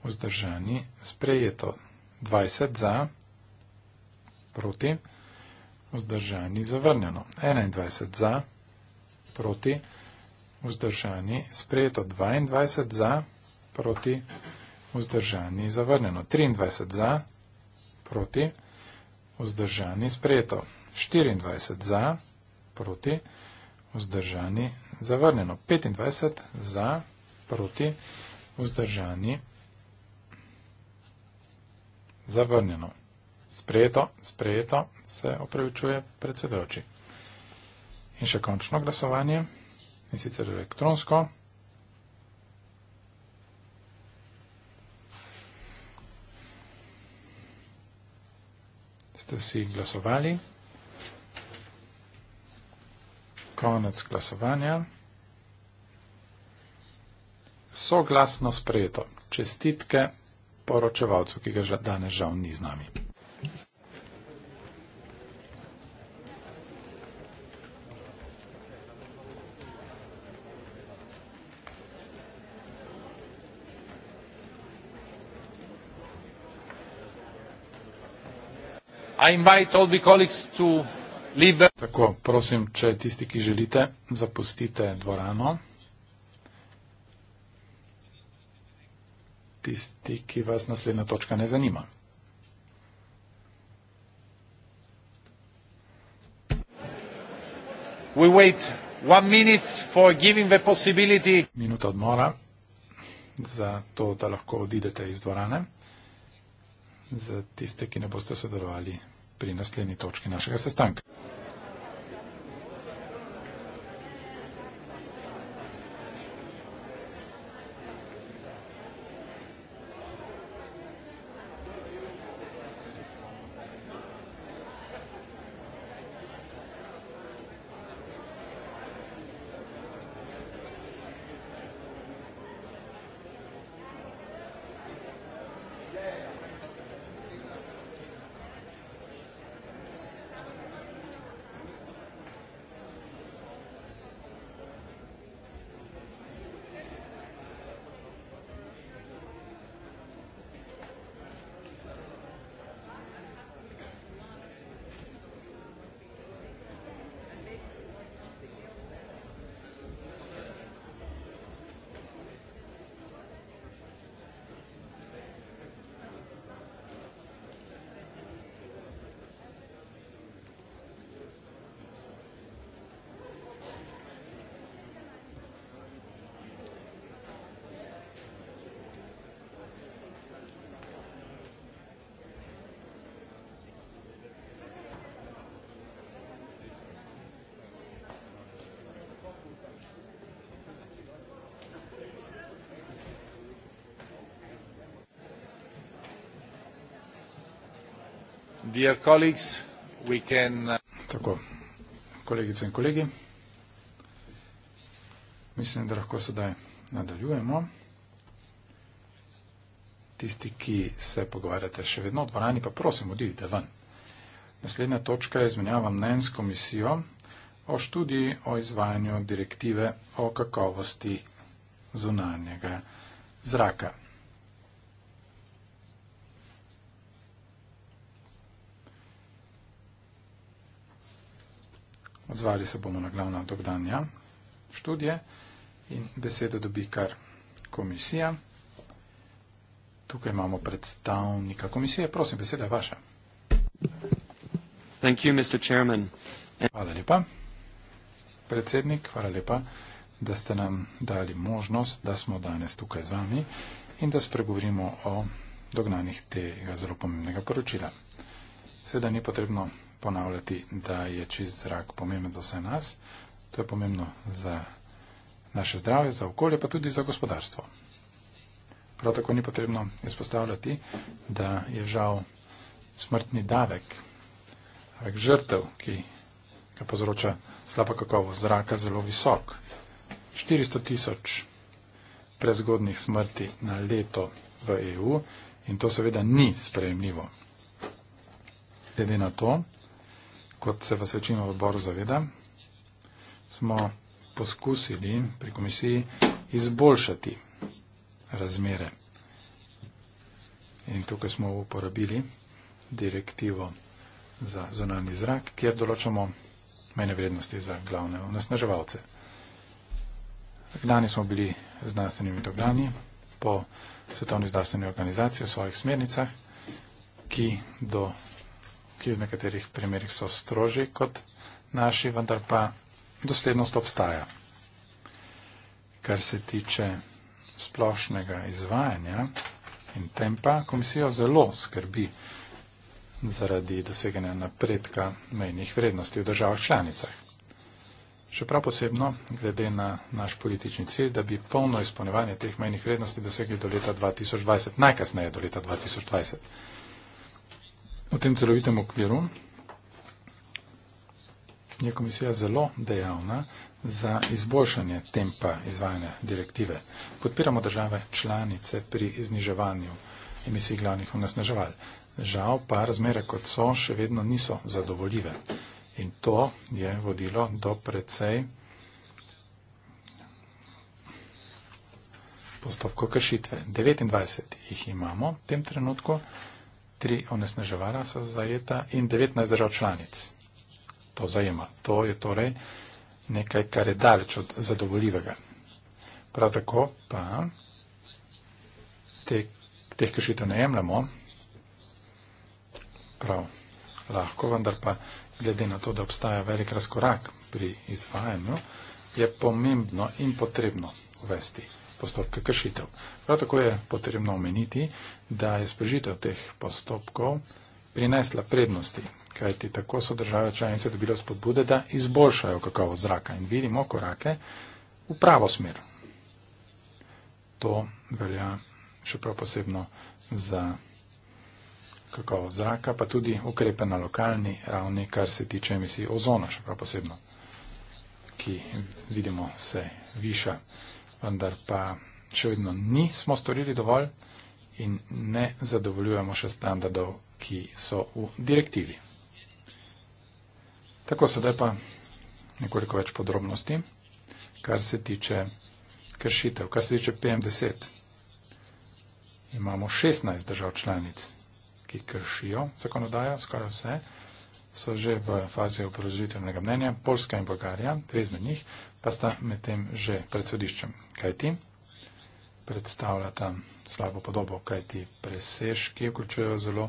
vzdržani, sprejeto. 20 za, proti, vzdržani, zavrnjeno. 21 za, proti, vzdržani, zavrnjeno vzdržani, sprejeto 22 za, proti vzdržani, zavrnjeno 23 za, proti vzdržani, sprejeto 24 za, proti vzdržani, zavrnjeno 25 za, proti vzdržani, zavrnjeno. Sprejeto, sprejeto, se opravičuje predsedoči. In še končno glasovanje in sicer elektronsko. Ste vsi glasovali? Konec glasovanja. Soglasno sprejeto. Čestitke poročevalcu, ki ga danes žal ni z nami. Tako, prosim, če tisti, ki želite, zapustite dvorano. Tisti, ki vas naslednja točka ne zanima. We wait one minute for giving the possibility. Minuta odmora za to, da lahko odidete iz dvorane. Za tiste, ki ne boste sodelovali pri naslednji točki našega sestanka. Dear colleagues, we can... Uh, Tako, kolegice in kolegi, mislim, da lahko sedaj nadaljujemo. Tisti, ki se pogovarjate še vedno v dvorani, pa prosim, odidite ven. Naslednja točka je izmenjava mnen s komisijo o študiji o izvajanju direktive o kakovosti zunanjega zraka. Odzvali se bomo na glavna dogodanja, študije in besedo dobi kar komisija. Tukaj imamo predstavnika komisije. Prosim, beseda je vaša. Thank you, Mr. Chairman. Hvala lepa. Predsednik, hvala lepa, da ste nam dali možnost, da smo danes tukaj z vami in da spregovorimo o dognanjih tega zelo pomembnega poročila. Seveda ni potrebno ponavljati, da je čist zrak pomemben za vse nas. To je pomembno za naše zdravje, za okolje, pa tudi za gospodarstvo. Prav tako ni potrebno izpostavljati, da je žal smrtni davek, davek žrtev, ki ga povzroča slaba kakovost zraka, zelo visok. 400 tisoč prezgodnih smrti na leto v EU in to seveda ni sprejemljivo. Glede na to, kot se vas večino v odboru zaveda, smo poskusili pri komisiji izboljšati razmere. In tukaj smo uporabili direktivo za zonalni zrak, kjer določamo mejne vrednosti za glavne onesnaževalce. Glavni smo bili znanstvenimi dogani po Svetovni zdravstveni organizaciji v svojih smernicah, ki do ki v nekaterih primerjih so strožji kot naši, vendar pa doslednost obstaja. Kar se tiče splošnega izvajanja in tempa, komisijo zelo skrbi zaradi doseganja napredka mejnih vrednosti v državah članicah. Še prav posebno, glede na naš politični cilj, da bi polno izpolnevanje teh mejnih vrednosti dosegli do leta 2020, najkasneje do leta 2020 v tem celovitem okviru je komisija zelo dejavna za izboljšanje tempa izvajanja direktive. Podpiramo države članice pri izniževanju emisij glavnih onesnaževal. Žal pa razmere, kot so, še vedno niso zadovoljive. In to je vodilo do precej postopkov kršitve. 29 jih imamo v tem trenutku tri onesnaževala so zajeta in 19 držav članic to zajema. To je torej nekaj, kar je daleč od zadovoljivega. Prav tako pa te, teh kršitev ne jemljamo, prav lahko, vendar pa glede na to, da obstaja velik razkorak pri izvajanju, je pomembno in potrebno uvesti postopke kršitev. Prav tako je potrebno omeniti, da je sprožitev teh postopkov prinesla prednosti, kajti tako so države članice dobile spodbude, da izboljšajo kakovo zraka in vidimo korake v pravo smer. To velja še prav posebno za kakovo zraka, pa tudi ukrepe na lokalni ravni, kar se tiče emisij ozona, še prav posebno, ki vidimo se viša, vendar pa še vedno nismo storili dovolj, in ne zadovoljujemo še standardov, ki so v direktivi. Tako sedaj pa nekoliko več podrobnosti, kar se tiče kršitev, kar se tiče PM10. Imamo 16 držav članic, ki kršijo zakonodajo, skoraj vse so že v fazi obrazložitvenega mnenja, Poljska in Bolgarija, dve izmed njih, pa sta medtem že pred sodiščem. Kaj ti? predstavljata slabo podobo, kajti presežki vključujejo zelo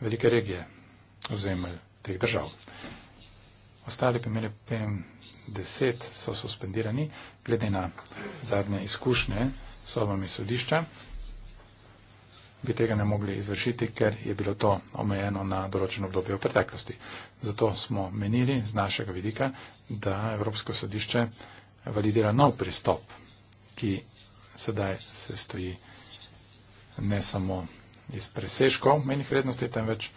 velike regije ozemelj teh držav. Ostali PM10 so suspendirani glede na zadnje izkušnje s sodbami sodišča. Bi tega ne mogli izvršiti, ker je bilo to omejeno na določeno obdobje v preteklosti. Zato smo menili z našega vidika, da Evropsko sodišče validira nov pristop, ki sedaj se stoji ne samo iz preseškov menjih vrednosti, temveč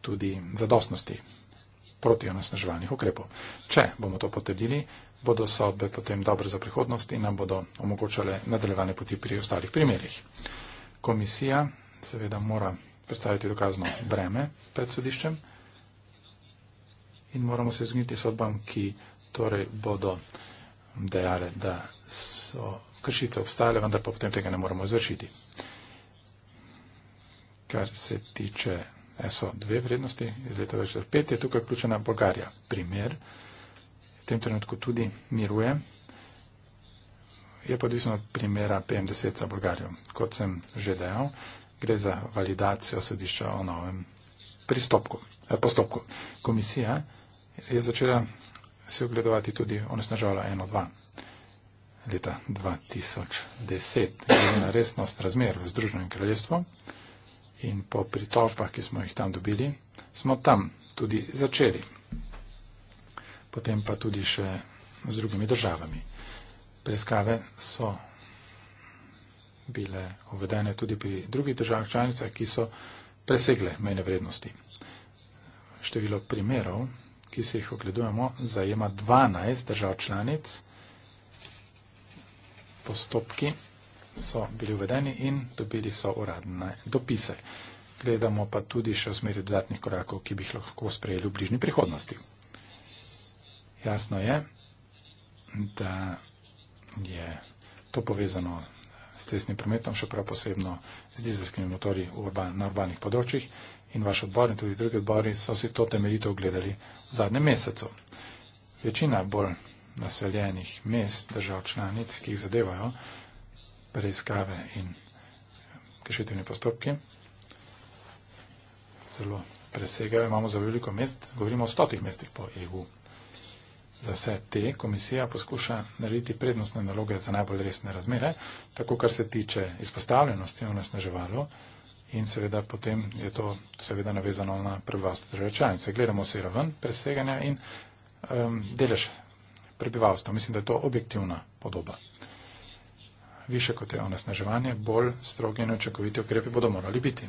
tudi zadostnosti proti onesnaževalnih ukrepov. Če bomo to potrdili, bodo sodbe potem dobre za prihodnost in nam bodo omogočale nadaljevanje poti pri ostalih primerjih. Komisija seveda mora predstaviti dokazno breme pred sodiščem in moramo se izogniti sodbam, ki torej bodo dejale, da so kršitve obstajale, vendar pa potem tega ne moremo izvršiti. Kar se tiče SO2 vrednosti iz leta 2005, je tukaj vključena Bolgarija. Primer, v tem trenutku tudi miruje, je podvisno od primera PM10 za Bolgarijo. Kot sem že dejal, gre za validacijo sodišča o novem pristopku, eh, postopku. Komisija je začela si ogledovati tudi onesnažalo 1.2 leta 2010, glede na resnost razmer v Združenem kraljestvu in po pritožbah, ki smo jih tam dobili, smo tam tudi začeli. Potem pa tudi še z drugimi državami. Preiskave so bile uvedene tudi pri drugih državah članicah, ki so presegle mejne vrednosti. Število primerov, ki se jih ogledujemo, zajema 12 držav članic, postopki so bili uvedeni in dobili so uradne dopise. Gledamo pa tudi še v smeri dodatnih korakov, ki bi jih lahko sprejeli v bližnji prihodnosti. Jasno je, da je to povezano s tesnim prometom, še prav posebno z dizelskimi motori na urbanih področjih in vaš odbor in tudi drugi odbori so si to temeljito ogledali v zadnjem mesecu. Večina bolj naseljenih mest držav članic, ki jih zadevajo preiskave in kršitevni postopki. Zelo presegajo, imamo zelo veliko mest, govorimo o stotih mestih po EU. Za vse te komisija poskuša narediti prednostne naloge za najbolj resne razmere, tako kar se tiče izpostavljenosti onesnaževalo in seveda potem je to seveda navezano na prebivalstvo države članice. Gledamo se raven preseganja in um, delež prebivalstva. Mislim, da je to objektivna podoba. Više kot je onesnaževanje, bolj strogi in očakoviti okrepi bodo morali biti.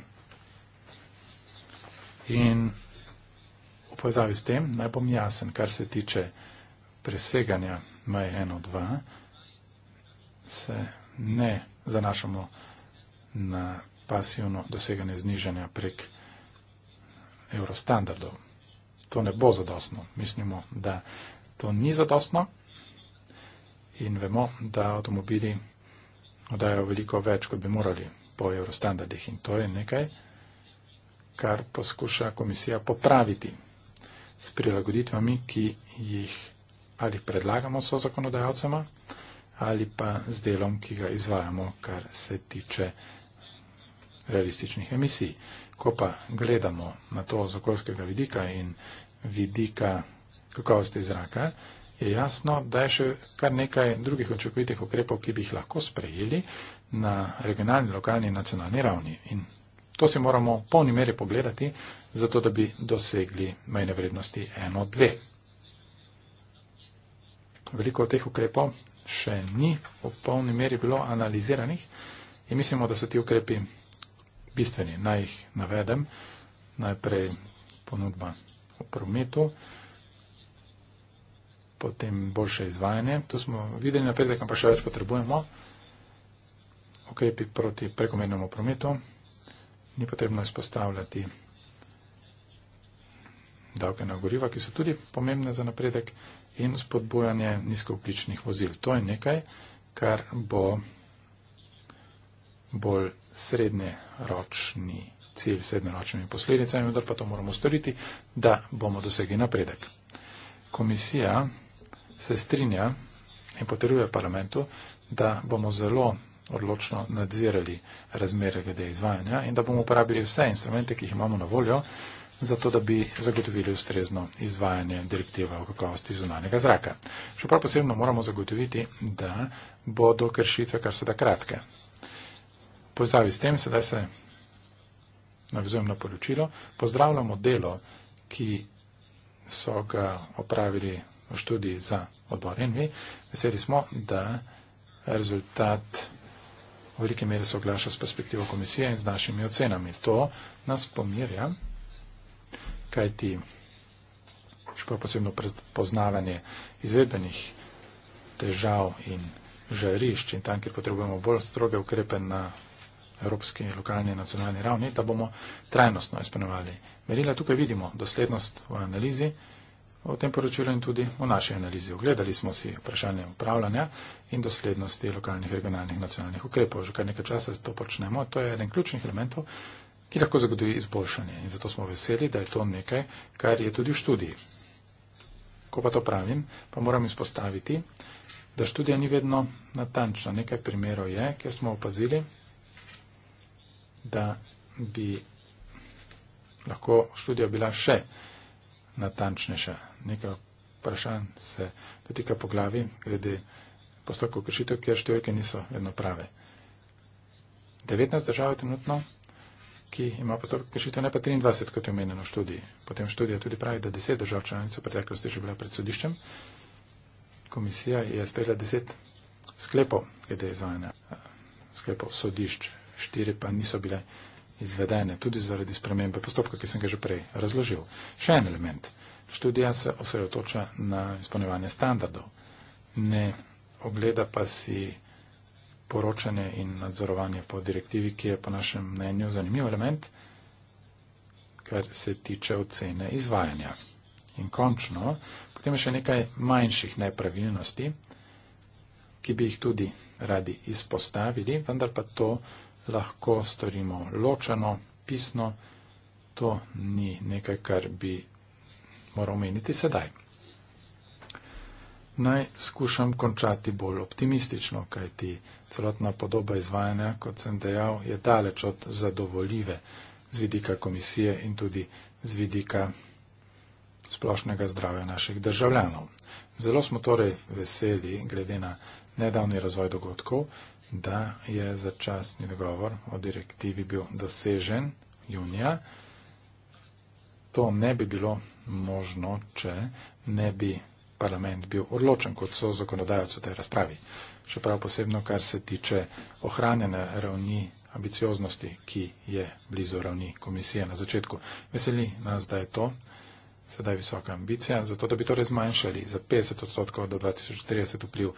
In v povezavi s tem naj bom jasen, kar se tiče preseganja maj 1.2, se ne zanašamo na pasivno doseganje znižanja prek evrostandardov. To ne bo zadostno. Mislimo, da to ni zadostno. In vemo, da avtomobili oddajo veliko več, kot bi morali po evrostandardih. In to je nekaj, kar poskuša komisija popraviti s prilagoditvami, ki jih ali predlagamo so zakonodajalcema ali pa z delom, ki ga izvajamo, kar se tiče realističnih emisij. Ko pa gledamo na to z okoljskega vidika in vidika kakovosti zraka, je jasno, da je še kar nekaj drugih očekovitih ukrepov, ki bi jih lahko sprejeli na regionalni, lokalni in nacionalni ravni. In to si moramo v polni meri pogledati, zato da bi dosegli mejne vrednosti 1-2. Veliko teh ukrepov še ni v polni meri bilo analiziranih in mislimo, da so ti ukrepi bistveni. Naj jih navedem. Najprej ponudba v prometu potem boljše izvajanje. Tu smo videli napredek, ampak še več potrebujemo. Ukrepi proti prekomernemu prometu. Ni potrebno izpostavljati davke na goriva, ki so tudi pomembne za napredek in spodbujanje nizkoopličnih vozil. To je nekaj, kar bo bolj srednjeročni cilj s srednjeročnimi posledicami, vendar pa to moramo storiti, da bomo dosegli napredek. Komisija se strinja in potrjuje parlamentu, da bomo zelo odločno nadzirali razmere glede izvajanja in da bomo uporabili vse instrumente, ki jih imamo na voljo, zato da bi zagotovili ustrezno izvajanje direktive o kakovosti zunanjega zraka. Še prav posebno moramo zagotoviti, da bodo kršitve kar se da kratke. Pozdravi s tem, sedaj se navizujem na poročilo. Pozdravljamo delo, ki so ga opravili študiji za odbor NV, veseli smo, da rezultat v veliki meri soglaša s perspektivo komisije in z našimi ocenami. To nas pomirja, kajti še prav posebno prepoznavanje izvedbenih težav in žarišč in tam, kjer potrebujemo bolj stroge ukrepe na evropski, lokalni in nacionalni ravni, da bomo trajnostno izpolnjevali. Merila tukaj vidimo doslednost v analizi, v tem poročilu in tudi v naši analizi. Ogledali smo si vprašanje upravljanja in doslednosti lokalnih, regionalnih, nacionalnih ukrepov. Že kar nekaj časa to počnemo. To je eden ključnih elementov, ki lahko zagotovi izboljšanje. In zato smo veseli, da je to nekaj, kar je tudi v študiji. Ko pa to pravim, pa moram izpostaviti, da študija ni vedno natančna. Nekaj primerov je, kjer smo opazili, da bi lahko študija bila še natančnejša nekaj vprašanj se dotika po glavi glede postopkov kršitev, kjer številke niso vedno prave. 19 držav je trenutno, ki ima postopke kršitev, ne pa 23, kot je omenjeno v študiji. Potem študija tudi pravi, da 10 držav članic v preteklosti že bila pred sodiščem. Komisija je sprejela 10 sklepov, glede izvajanja eh, sklepov sodišč, 4 pa niso bile izvedene, tudi zaradi spremembe postopka, ki sem ga že prej razložil. Še en element študija se osredotoča na izpolnjevanje standardov, ne ogleda pa si poročanje in nadzorovanje po direktivi, ki je po našem mnenju zanimiv element, kar se tiče ocene izvajanja. In končno, potem je še nekaj manjših nepravilnosti, ki bi jih tudi radi izpostavili, vendar pa to lahko storimo ločeno, pisno. To ni nekaj, kar bi mora omeniti sedaj. Naj skušam končati bolj optimistično, kajti celotna podoba izvajanja, kot sem dejal, je daleč od zadovoljive z vidika komisije in tudi z vidika splošnega zdravja naših državljanov. Zelo smo torej veseli, glede na nedavni razvoj dogodkov, da je začasni dogovor o direktivi bil dosežen junija To ne bi bilo možno, če ne bi parlament bil odločen, kot so zakonodajalce v tej razpravi. Še prav posebno, kar se tiče ohranjene ravni ambicioznosti, ki je blizu ravni komisije na začetku. Veseli nas, da je to sedaj visoka ambicija, zato da bi torej zmanjšali za 50 odstotkov do 2030 vpliv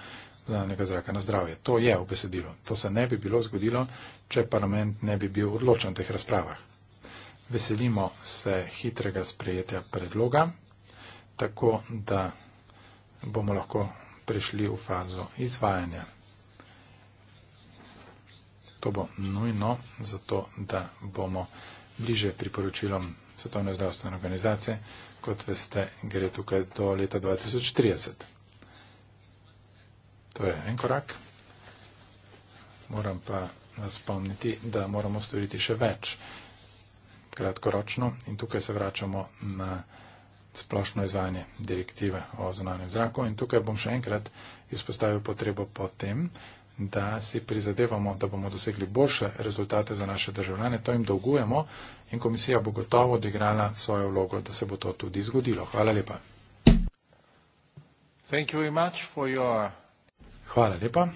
zanjega zraka na zdravje. To je v besedilu. To se ne bi bilo zgodilo, če parlament ne bi bil odločen v teh razpravah. Veselimo se hitrega sprejetja predloga, tako da bomo lahko prišli v fazo izvajanja. To bo nujno, zato da bomo bliže priporočilom Svetovne zdravstvene organizacije, kot veste, gre tukaj do leta 2030. To je en korak. Moram pa vas spomniti, da moramo storiti še več kratkoročno in tukaj se vračamo na splošno izvajanje direktive o zunanjem zraku in tukaj bom še enkrat izpostavil potrebo po tem, da si prizadevamo, da bomo dosegli boljše rezultate za naše državljane, to jim dolgujemo in komisija bo gotovo odigrala svojo vlogo, da se bo to tudi zgodilo. Hvala lepa. Hvala lepa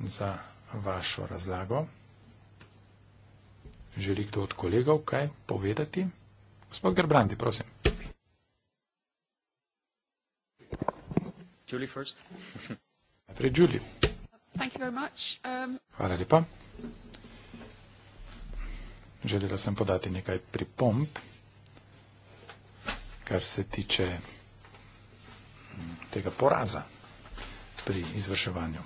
za vašo razlago. Želi kdo od kolegov kaj povedati? Gospod Gerbrandi, prosim. Julie first. Najprej Julie. Thank you very much. Um... Hvala lepa. Želela sem podati nekaj pripomp, kar se tiče mm, tega poraza pri izvrševanju.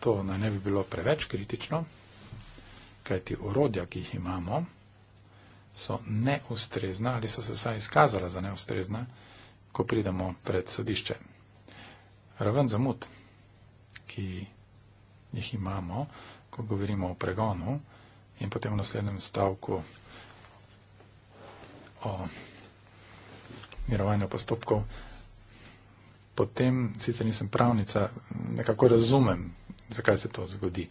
To naj ne bi bilo preveč kritično, kajti orodja, ki jih imamo, so neustrezna ali so se vsaj izkazala za neustrezna, ko pridemo pred sodišče. Raven zamud, ki jih imamo, ko govorimo o pregonu in potem v naslednjem stavku o mirovanju postopkov, potem sicer nisem pravnica, nekako razumem, zakaj se to zgodi.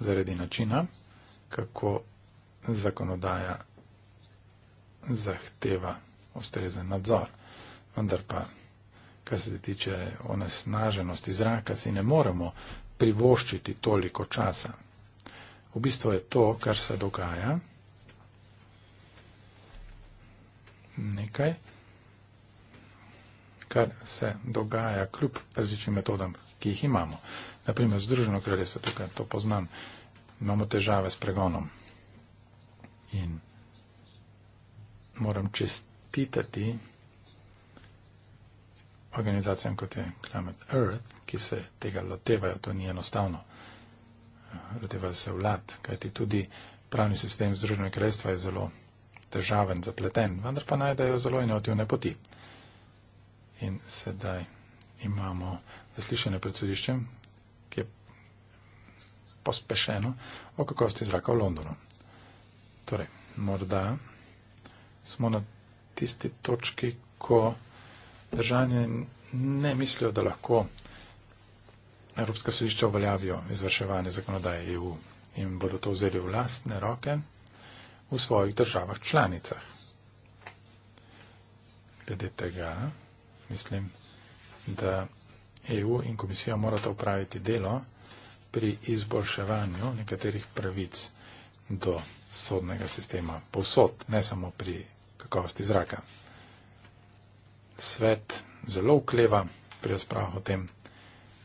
Zaradi načina, kako zakonodaja zahteva ustrezen nadzor. Vendar pa, kar se tiče onesnaženosti zraka, si ne moremo privoščiti toliko časa. V bistvu je to, kar se dogaja, nekaj, kar se dogaja kljub različnim metodam, ki jih imamo. Naprimer, Združeno kraljestvo, tukaj to poznam, imamo težave s pregonom. In moram čestitati organizacijam, kot je Climate Earth, ki se tega lotevajo, to ni enostavno. Lotevajo se vlad, kajti tudi pravni sistem Združenega kraljestva je zelo težaven, zapleten, vendar pa najdejo zelo inovativne poti. In sedaj imamo zaslišanje pred sodiščem, pospešeno o kakovosti zraka v Londonu. Torej, morda smo na tisti točki, ko državljani ne mislijo, da lahko Evropska sodišča uveljavijo izvrševanje zakonodaje EU in bodo to vzeli v lastne roke v svojih državah članicah. Glede tega, mislim, da EU in komisija morata upraviti delo, pri izboljševanju nekaterih pravic do sodnega sistema povsod, ne samo pri kakovosti zraka. Svet zelo ukleva pri razpravah o tem,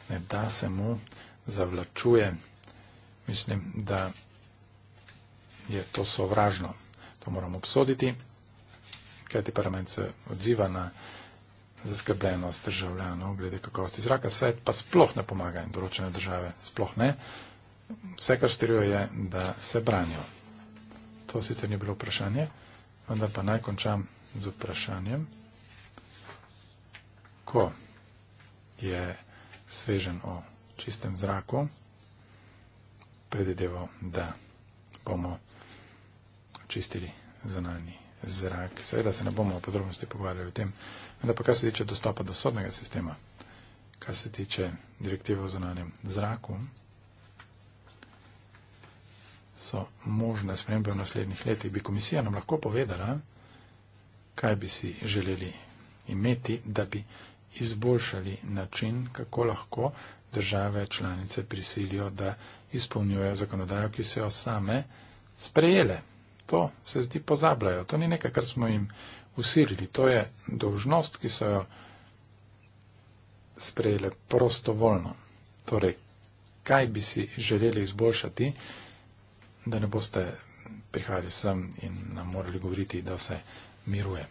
ne da se mu zavlačuje. Mislim, da je to sovražno. To moramo obsoditi, kajti parlament se odziva na zaskrbljenost državljanov glede kakovosti zraka. Svet pa sploh ne pomaga in določene države sploh ne. Vse, kar storijo, je, da se branijo. To sicer ni bilo vprašanje, vendar pa naj končam z vprašanjem. Ko je svežen o čistem zraku, predvideval, da bomo očistili zanani zrak. Seveda se ne bomo podrobnosti pogovarjali o tem, Vendar pa kar se tiče dostopa do sodnega sistema, kar se tiče direktive o zunanjem zraku, so možne spremembe v naslednjih letih. Bi komisija nam lahko povedala, kaj bi si želeli imeti, da bi izboljšali način, kako lahko države članice prisilijo, da izpolnjujejo zakonodajo, ki so jo same sprejele. To se zdi pozabljajo. To ni nekaj, kar smo jim usilili. To je dožnost, ki so jo sprejeli prostovoljno. Torej, kaj bi si želeli izboljšati, da ne boste prihajali sem in nam morali govoriti, da se miruje.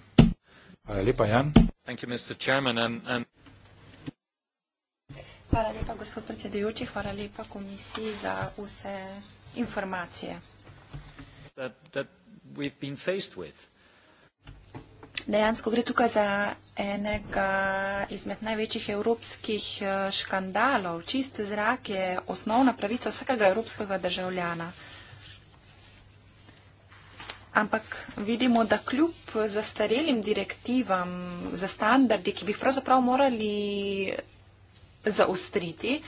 Hvala lepa, Jan. Hvala lepa, gospod predsedujoči, hvala lepa komisiji za vse informacije. That, that Dejansko gre tukaj za enega izmed največjih evropskih eh, škandalov. Čist zrak je osnovna pravica vsakega evropskega državljana. Ampak vidimo, da kljub zastarelim direktivam, za standardi, ki bi jih pravzaprav morali zaostriti,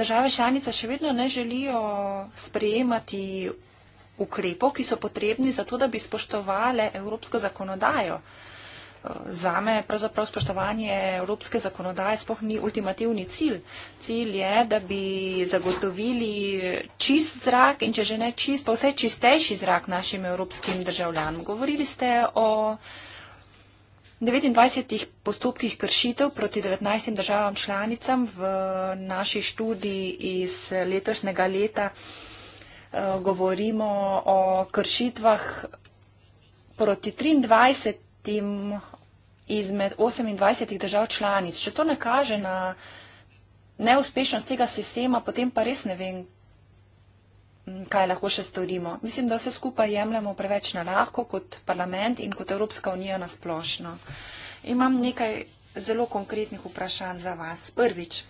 države članice še vedno ne želijo sprejemati ukrepov, ki so potrebni za to, da bi spoštovali evropsko zakonodajo. Uh, Zame pravzaprav spoštovanje evropske zakonodaje spoh ni ultimativni cilj. Cilj je, da bi zagotovili čist zrak in če že ne čist, pa vse čistejši zrak našim evropskim državljanom. Govorili ste o 29 postopkih kršitev proti 19 državam članicam v naši študiji iz letošnjega leta. Eh, govorimo o kršitvah proti 23 tem izmed 28 držav članic, če to ne kaže na neuspešnost tega sistema, potem pa res ne vem, kaj lahko še storimo. Mislim, da vse skupaj jemljamo preveč na lahko kot parlament in kot Evropska unija nasplošno. Imam nekaj zelo konkretnih vprašanj za vas. Prvič.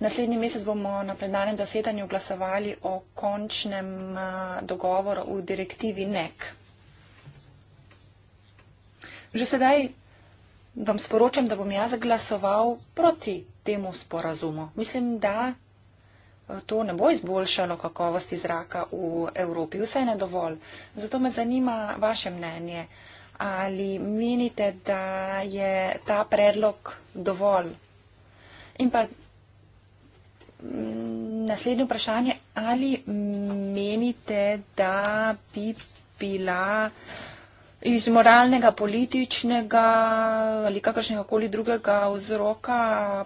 Naslednji mesec bomo na plenarnem zasedanju glasovali o končnem dogovoru v direktivi NEC. Že sedaj vam sporočam, da bom jaz glasoval proti temu sporazumu. Mislim, da eh, to ne bo izboljšalo kakovosti zraka v Evropi. Vse je nedovolj. Zato me zanima vaše mnenje. Ali menite, da je ta predlog dovolj? In pa mm, naslednje vprašanje, ali menite, da bi bila. Uh, iz moralnega, političnega ali kakršnega koli drugega vzroka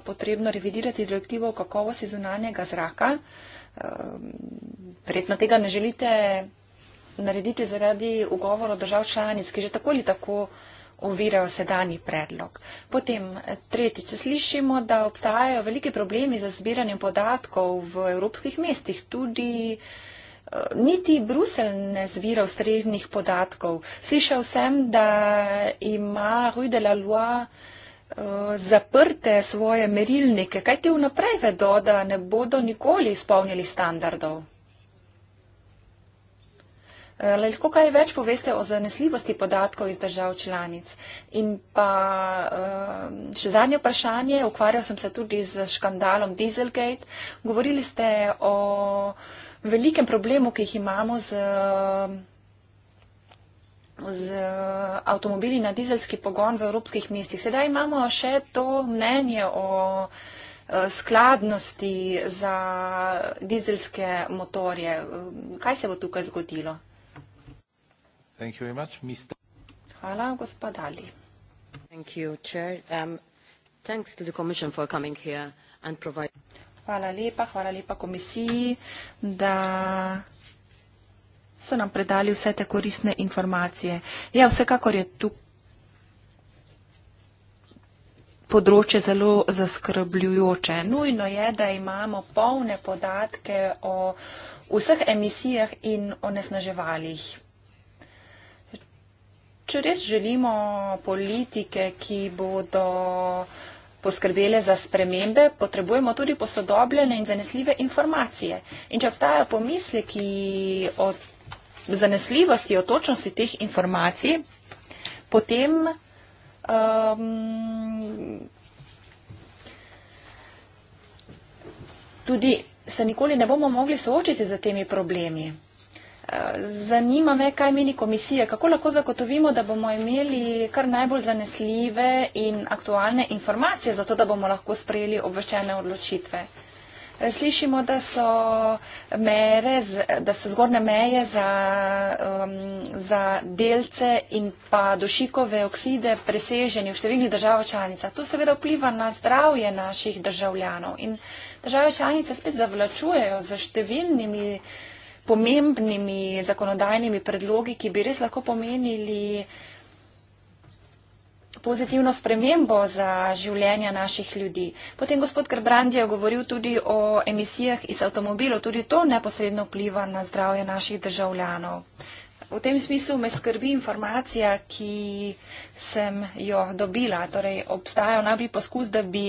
potrebno revidirati direktivo o kakovosti zunanjega zraka. Ehm, verjetno tega ne želite narediti zaradi ugovorov držav članic, ki že tako ali tako ovirajo sedanji predlog. Potem tretjič, slišimo, da obstajajo veliki problemi za zbiranje podatkov v evropskih mestih, tudi uh, Niti Bruselj ne zbira ustreznih podatkov. Slišal sem, da ima Rue de la Loi eh, zaprte svoje merilnike, kaj ti vnaprej vedo, da ne bodo nikoli izpolnili standardov. Eh, lahko kaj več poveste o zanesljivosti podatkov iz držav članic. In pa eh, še zadnje vprašanje, ukvarjal sem se tudi z škandalom Dieselgate. Govorili ste o velikem problemu, ki jih imamo z, z avtomobili na dizelski pogon v evropskih mestih. Sedaj imamo še to mnenje o e, skladnosti za dizelske motorje. Kaj se bo tukaj zgodilo? Hvala, gospod Ali. Thank you, Hvala lepa, hvala lepa komisiji, da so nam predali vse te koristne informacije. Ja, vsekakor je tu področje zelo zaskrbljujoče. Nujno je, da imamo polne podatke o vseh emisijah in o nesnaževalih. Če res želimo politike, ki bodo poskrbele za spremembe, potrebujemo tudi posodobljene in zanesljive informacije. In če obstajajo pomisleki o zanesljivosti, o točnosti teh informacij, potem. Um, Tudi se nikoli ne bomo mogli soočiti z temi problemi. Zanima me, kaj meni komisija, kako lahko zagotovimo, da bomo imeli kar najbolj zanesljive in aktualne informacije, zato da bomo lahko sprejeli obveščene odločitve. Slišimo, da so, mere, da so zgornje meje za, um, za delce in pa dušikove okside preseženi v številnih državah članicah. To seveda vpliva na zdravje naših državljanov in države članice spet zavlačujejo za številnimi uh, pomembnimi zakonodajnimi predlogi, ki bi res lahko pomenili pozitivno spremembo za življenja naših ljudi. Potem gospod Grbrand je govoril tudi o emisijah iz avtomobilov. Tudi to neposredno vpliva na zdravje naših državljanov. V tem smislu me skrbi informacija, ki sem jo dobila. Torej, obstajal naj bi poskus, da bi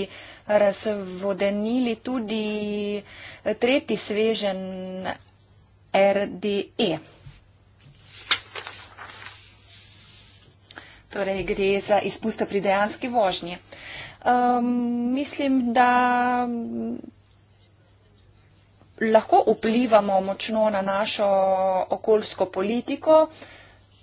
razvodenili tudi tretji svežen RDE. Torej, gre za izpuste pri dejanski vožnji. Um, mislim, da lahko vplivamo močno na našo okoljsko politiko.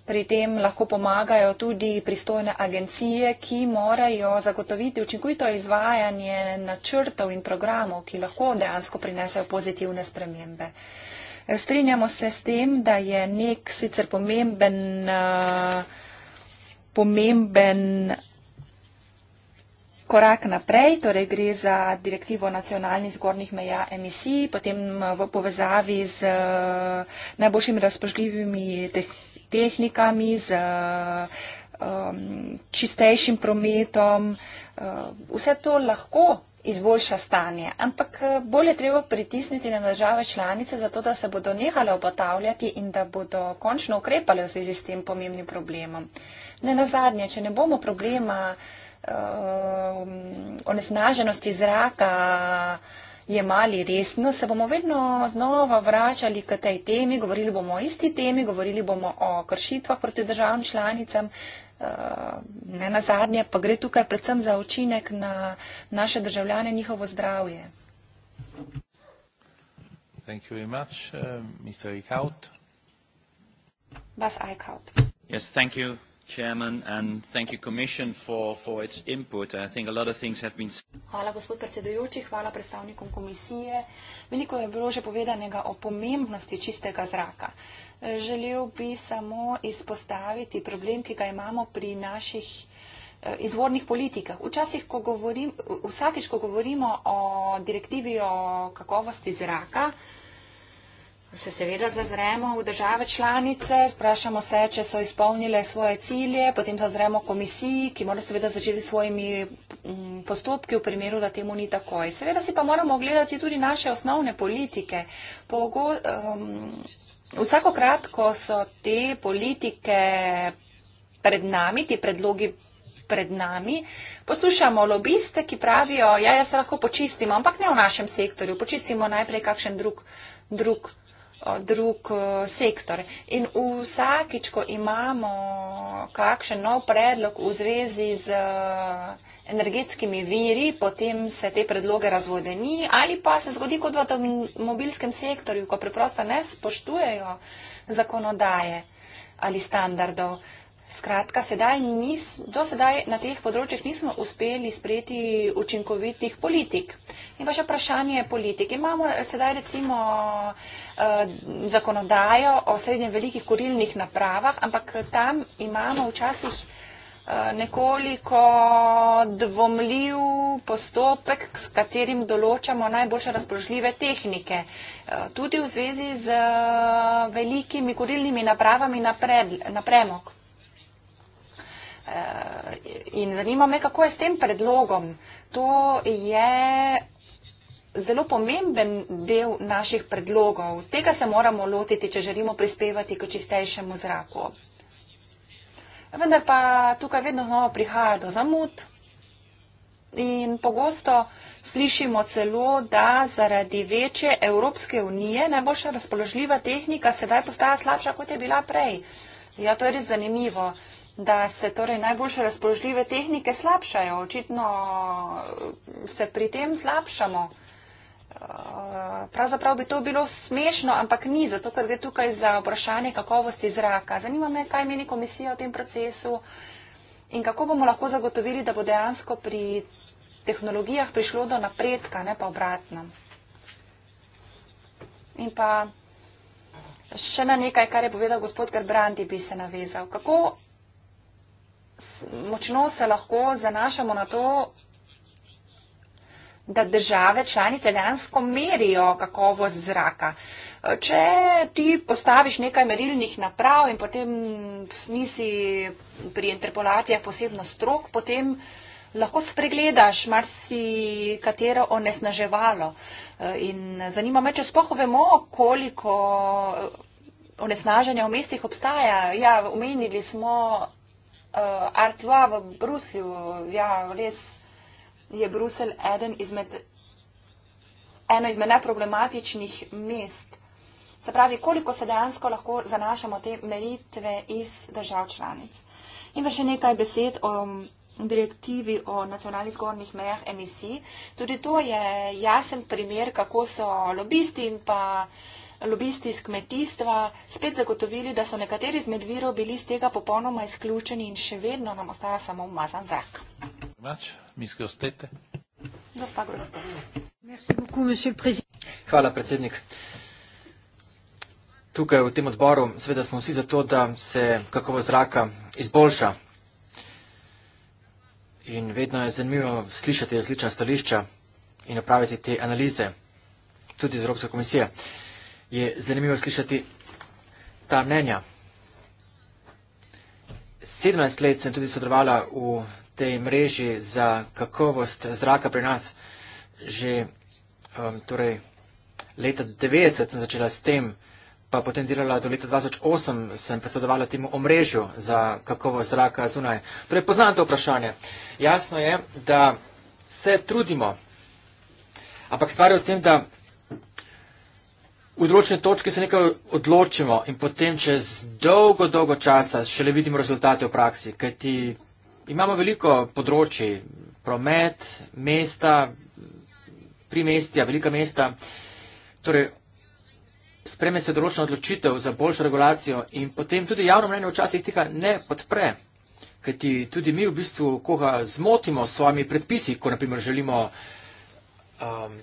Pri tem lahko pomagajo tudi pristojne agencije, ki morajo zagotoviti učinkovito izvajanje načrtov in programov, ki lahko dejansko prinesejo pozitivne spremembe. Uh, Strinjamo se s tem, da je nek sicer pomemben, eh, pomemben korak naprej, torej gre za direktivo nacionalnih zgornjih meja emisij, potem eh, v povezavi z eh, najboljšimi razpožljivimi tehnikami, z um, čistejšim prometom. Vse to lahko izboljša stanje. Ampak eh, bolje treba pritisniti na države članice, zato da se bodo nehale obotavljati in da bodo končno ukrepale v zvezi s tem pomembnim problemom. Ne na zadnje, če ne bomo problema uh, onesnaženosti zraka jemali resno, se bomo vedno znova vračali k tej temi, govorili bomo o isti temi, govorili bomo o kršitvah proti državam članicam, uh, ne na zadnje, pa gre tukaj predvsem za učinek na naše državljane, njihovo zdravje. Thank you very much, uh, Mr. Eichhout. Bas Eichhout. Yes, thank you, Chairman, and thank you, Commission, for, for its input. I think a lot of things have been... Hvala, gospod predsedujoči, hvala predstavnikom komisije. Veliko je bilo že povedanega o pomembnosti čistega zraka. Uh, Želel bi samo izpostaviti problem, ki ga imamo pri naših eh, izvornih politikah. Včasih, ko govorim, vsakeč, ko govorimo o direktivi o kakovosti zraka, se seveda zazremo v države članice, sprašamo se, če so izpolnile svoje cilje, potem zazremo komisiji, ki mora seveda začeti svojimi mm, postopki v primeru, da temu ni tako. Seveda si pa moramo ogledati tudi naše osnovne politike. Pogo, um, Vsakokrat, ko so te politike pred nami, ti predlogi pred nami, poslušamo lobiste, ki pravijo, ja, jaz lahko počistimo, ampak ne v našem sektorju, počistimo najprej kakšen drug, drug Eh, drug eh, sektor. In vsakič, ko imamo kakšen nov predlog v zvezi z eh, energetskimi viri, potem se te predloge razvodeni ali pa se zgodi kot v avtomobilskem sektorju, ko preprosto ne spoštujejo zakonodaje ali standardov. Uh, Skratka, sedaj nis, do sedaj na teh področjih nismo uspeli sprejeti učinkovitih politik. In pa še vprašanje politike. Imamo eh, sedaj recimo eh, zakonodajo o srednjem velikih kurilnih napravah, ampak eh, tam imamo včasih eh, nekoliko dvomljiv postopek, s katerim določamo najboljše razpoložljive tehnike. Eh, tudi v zvezi z eh, velikimi kurilnimi napravami na, pred, na premok. Eh, in zanima me, kako je s tem predlogom. To je zelo pomemben del naših predlogov. Tega se moramo lotiti, če želimo prispevati k čistejšemu zraku. Vendar pa tukaj vedno znova prihaja do zamud in pogosto slišimo celo, da zaradi večje Evropske unije najboljša razpoložljiva tehnika sedaj postaja slabša, kot je bila prej. Ja, to je res zanimivo da se torej najboljše razpoložljive tehnike slabšajo. Očitno eh, se pri tem slabšamo. Eh, pravzaprav bi to bilo smešno, ampak ni, zato ker gre tukaj za vprašanje kakovosti zraka. Zanima me, kaj meni komisija o tem procesu in kako bomo lahko zagotovili, da bo dejansko pri tehnologijah prišlo do napredka, ne pa obratno. In pa še na nekaj, kar je povedal gospod Gerbrandi, bi se navezal. Kako močno se lahko zanašamo na to, da države članice dejansko merijo kakovost zraka. Če ti postaviš nekaj merilnih naprav in potem nisi pri interpolacijah posebno strok, potem lahko spregledaš marsikatero onesnaževalo. In zanima me, če spoh vemo, koliko onesnaženja v mestih obstaja. Ja, omenili smo uh, Art Loa v Bruslju, ja, res je Bruselj eden izmed, eno izmed neproblematičnih mest. Se pravi, koliko se dejansko lahko zanašamo te meritve iz držav članic. In pa še nekaj besed o mm, direktivi o nacionalnih zgornjih mejah emisij. Tudi to je jasen primer, kako so lobisti in pa uh, lobisti iz kmetijstva spet zagotovili, da so nekateri izmed virov bili iz tega popolnoma izključeni in še vedno nam ostaja samo umazan zrak. Hvala, predsednik. Tukaj v tem odboru seveda smo vsi zato, da se kakovo zraka izboljša. In vedno je zanimivo slišati različna stališča in napraviti te analize, tudi iz Evropske komisije. Uh, je zanimivo slišati ta mnenja. 17 let sem tudi sodelovala v tej mreži za kakovost zraka pri nas. Že um, torej leta 90 sem začela s tem, pa potem delala do leta 2008 sem predsedovala temu omrežju za kakovost zraka zunaj. Torej poznam to vprašanje. Jasno je, da se trudimo, ampak stvar je v tem, da v določene točke se nekaj odločimo in potem čez dolgo, dolgo časa šele vidimo rezultate v praksi, kajti imamo veliko področji, promet, mesta, primestja, velika mesta, torej spreme se določena odločitev za boljšo regulacijo in potem tudi javno mnenje včasih tega ne podpre, kajti tudi mi v bistvu koga zmotimo s svojimi predpisi, ko naprimer želimo. Um,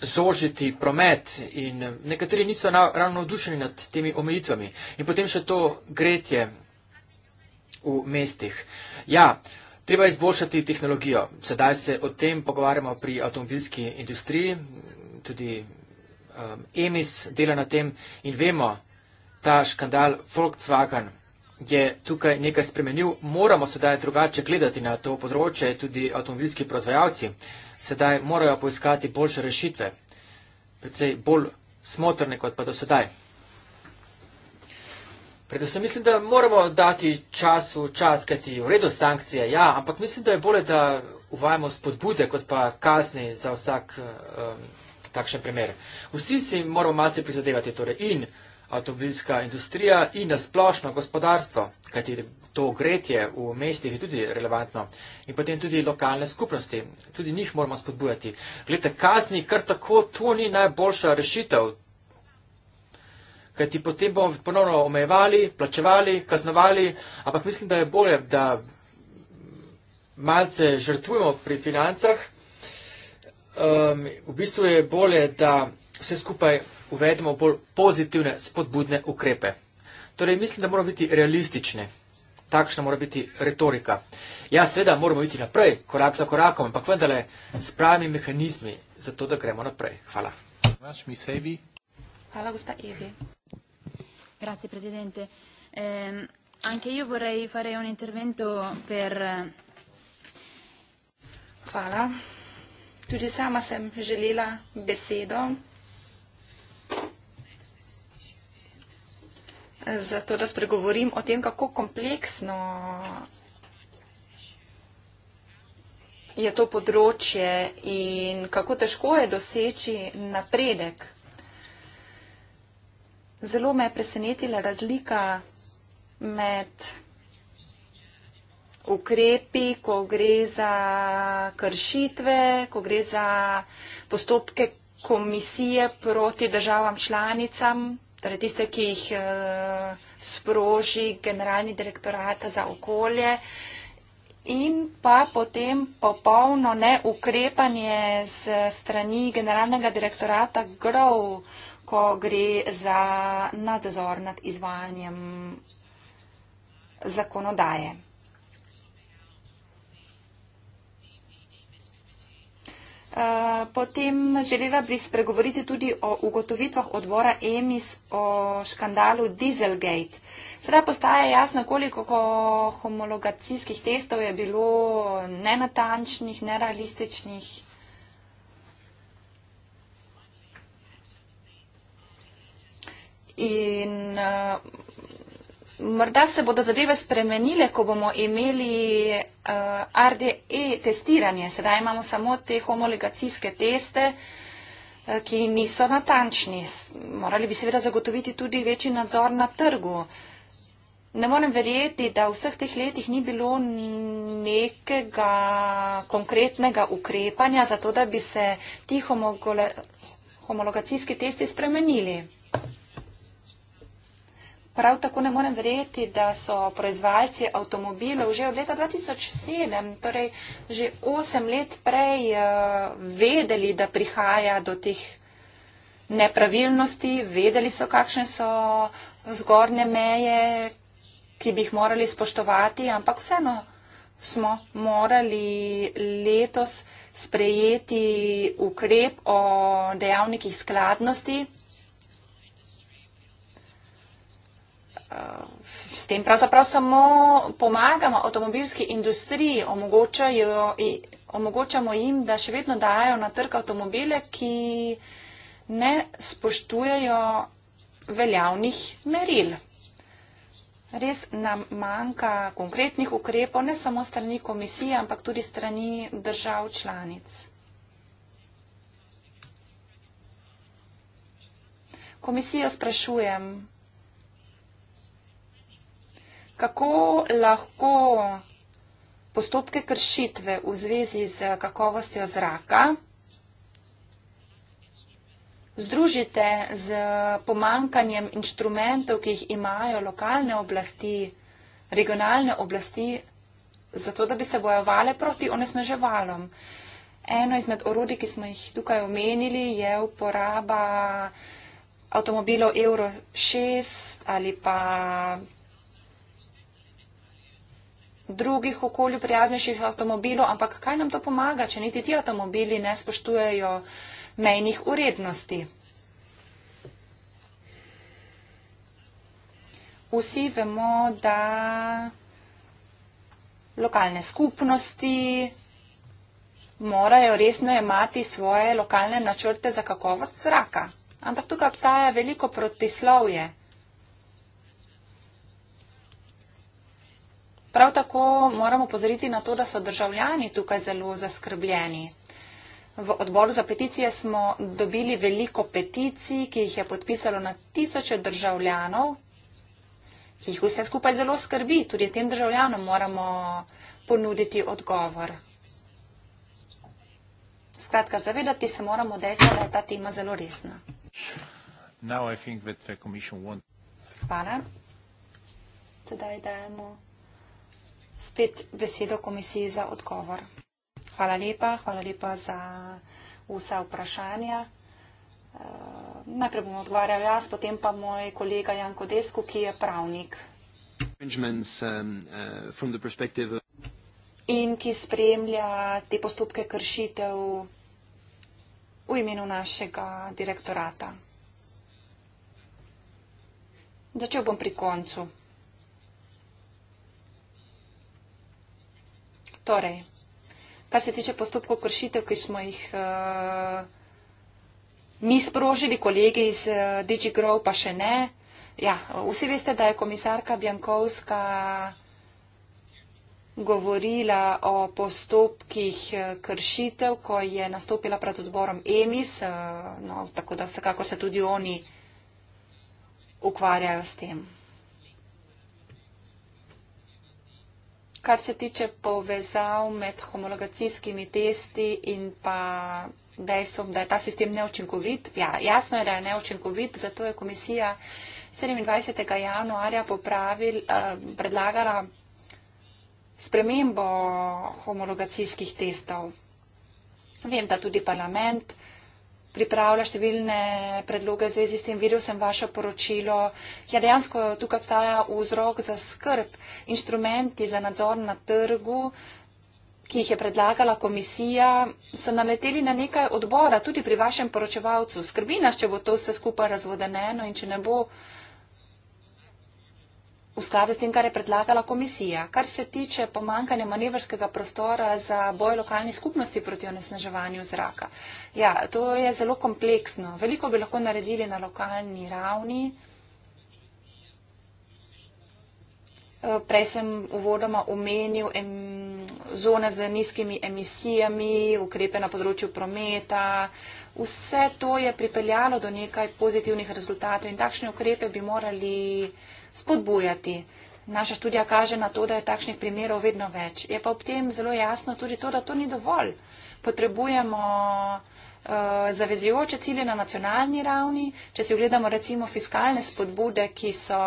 zožiti promet in nekateri niso na, ravno odušeni nad temi omejitvami. In potem še to gretje v mestih. Ja, treba izboljšati tehnologijo. Sedaj se o tem pogovarjamo pri avtomobilski industriji, tudi um, EMIS dela na tem in vemo, ta škandal Volkswagen je tukaj nekaj spremenil. Moramo sedaj drugače gledati na to področje, tudi avtomobilski proizvajalci. Uh, sedaj morajo poiskati boljše rešitve, predvsej bolj smotrne kot pa do sedaj. Predvsem mislim, da moramo dati čas v čas, kajti v redu sankcije, ja, ampak mislim, da je bolje, da uvajamo spodbude kot pa kazni za vsak um, takšen primer. Vsi si moramo malce prizadevati, torej in avtomobilska industrija in nasplošno gospodarstvo, kajti to ogretje v mestih je tudi relevantno. In potem tudi lokalne skupnosti, tudi njih moramo spodbujati. Glede kazni, kar tako, to ni najboljša rešitev. Ker ti potem bomo ponovno omejevali, plačevali, kaznovali, ampak mislim, da je bolje, da malce žrtvujemo pri financah. Um, v bistvu je bolje, da vse skupaj uvedemo bolj pozitivne, spodbudne ukrepe. Torej, mislim, da moramo biti realistični takšna mora biti retorika. Ja, seveda moramo iti naprej, korak za korakom, ampak vendarle s pravimi mehanizmi, zato da gremo naprej. Hvala. Hvala, gospa Evi. Grazie, predsednik. Eh, anche io vorrei fare un intervento per. Eh, Hvala. Tudi sama sem želela besedo. zato da spregovorim o tem, kako kompleksno je to področje in kako težko je doseči napredek. Zelo me je presenetila razlika med ukrepi, ko gre za kršitve, ko gre za postopke komisije proti državam članicam torej tiste, ki jih uh, sproži generalni direktorata za okolje in pa potem popolno neukrepanje z strani generalnega direktorata GROW, ko gre za nadzor nad izvajanjem zakonodaje. Eh, potem želela bi spregovoriti tudi o ugotovitvah odbora EMIS o škandalu Dieselgate. Sedaj postaja jasno, koliko homologacijskih testov je bilo nenatančnih, nerealističnih. In eh, Morda se bodo zadeve spremenile, ko bomo imeli uh, eh, RDE testiranje. Sedaj imamo samo te homologacijske teste, uh, ki niso natančni. Morali bi seveda zagotoviti tudi večji nadzor na trgu. Ne morem verjeti, da v vseh teh letih ni bilo nekega konkretnega ukrepanja za to, da bi se ti homologacijski testi spremenili. Prav tako ne morem verjeti, da so proizvajalci avtomobilov že od leta 2007, torej že 8 let prej, eh, vedeli, da prihaja do teh nepravilnosti, vedeli so, kakšne so zgornje meje, ki bi jih morali spoštovati, ampak vseeno smo morali letos sprejeti ukrep o dejavnikih skladnosti. Eh, s tem pravzaprav samo pomagamo avtomobilski industriji, omogočamo jim, da še vedno dajo na trg avtomobile, ki ne spoštujejo veljavnih meril. Res nam manjka konkretnih ukrepov, ne samo strani komisije, ampak tudi strani držav članic. Komisijo sprašujem, kako lahko postopke kršitve v zvezi z kakovostjo zraka združite z pomankanjem inštrumentov, ki jih imajo lokalne oblasti, regionalne oblasti, zato da bi se bojevale proti onesnaževalom. Eno izmed orodij, ki smo jih tukaj omenili, je uporaba avtomobilov Euro 6 ali pa drugih okolju prijaznejših avtomobilov, ampak kaj nam to pomaga, če niti ti avtomobili ne spoštujejo mejnih urednosti. Vsi vemo, da lokalne skupnosti morajo resno imati svoje lokalne načrte za kakovost zraka. Ampak tukaj obstaja veliko protislovje. Prav tako moramo pozoriti na to, da so državljani tukaj zelo zaskrbljeni. V odboru za peticije smo dobili veliko peticij, ki jih je podpisalo na tisoče državljanov, ki jih vse skupaj zelo skrbi. Tudi tem državljanom moramo ponuditi odgovor. Skratka, zavedati se moramo dejstva, da je ta tema zelo resna. Hvala. Sedaj dajemo spet besedo komisiji za odgovor. Hvala lepa, hvala lepa za vsa vprašanja. Eh, najprej bom odgovarjal jaz, potem pa moj kolega Janko Desku, ki je pravnik. Um, uh, In ki spremlja te postopke kršitev v imenu našega direktorata. Začel bom pri koncu. Torej, kar se tiče postopkov kršitev, ki smo jih uh, mi sprožili, kolegi iz uh, eh, DigiGrow pa še ne. Ja, vsi veste, da je komisarka Bjankovska govorila o postopkih eh, kršitev, ko je nastopila pred odborom EMIS, no, tako da vsekako se tudi oni ukvarjajo s tem. kar se tiče povezav med homologacijskimi testi in pa dejstvom, da je ta sistem neučinkovit. Ja, jasno je, da je neučinkovit, zato je komisija 27. januarja popravil, eh, predlagala spremembo homologacijskih testov. Vem, da tudi parlament pripravila številne predloge v zvezi s tem. Videla sem vaše poročilo. Ja, dejansko tukaj obstaja vzrok za skrb. Inštrumenti za nadzor na trgu, ki jih je predlagala komisija, so naleteli na nekaj odbora, tudi pri vašem poročevalcu. Skrbi nas, če bo to vse skupaj razvodeneno in če ne bo v skladu s tem, kar je predlagala komisija. Kar se tiče pomankanja manevrskega prostora za boj lokalni skupnosti proti onesnaževanju zraka. Ja, to je zelo kompleksno. Veliko bi lahko naredili na lokalni ravni. Eh, prej sem uvodoma omenil zone z nizkimi emisijami, ukrepe na področju prometa. Vse to je pripeljalo do nekaj pozitivnih rezultatov in takšne ukrepe bi morali spodbujati. Naša študija kaže na to, da je takšnih primerov vedno več. Je pa ob tem zelo jasno tudi to, da to ni dovolj. Potrebujemo Eh, zavezujoče cilje na nacionalni ravni. Če si ogledamo recimo fiskalne spodbude, ki so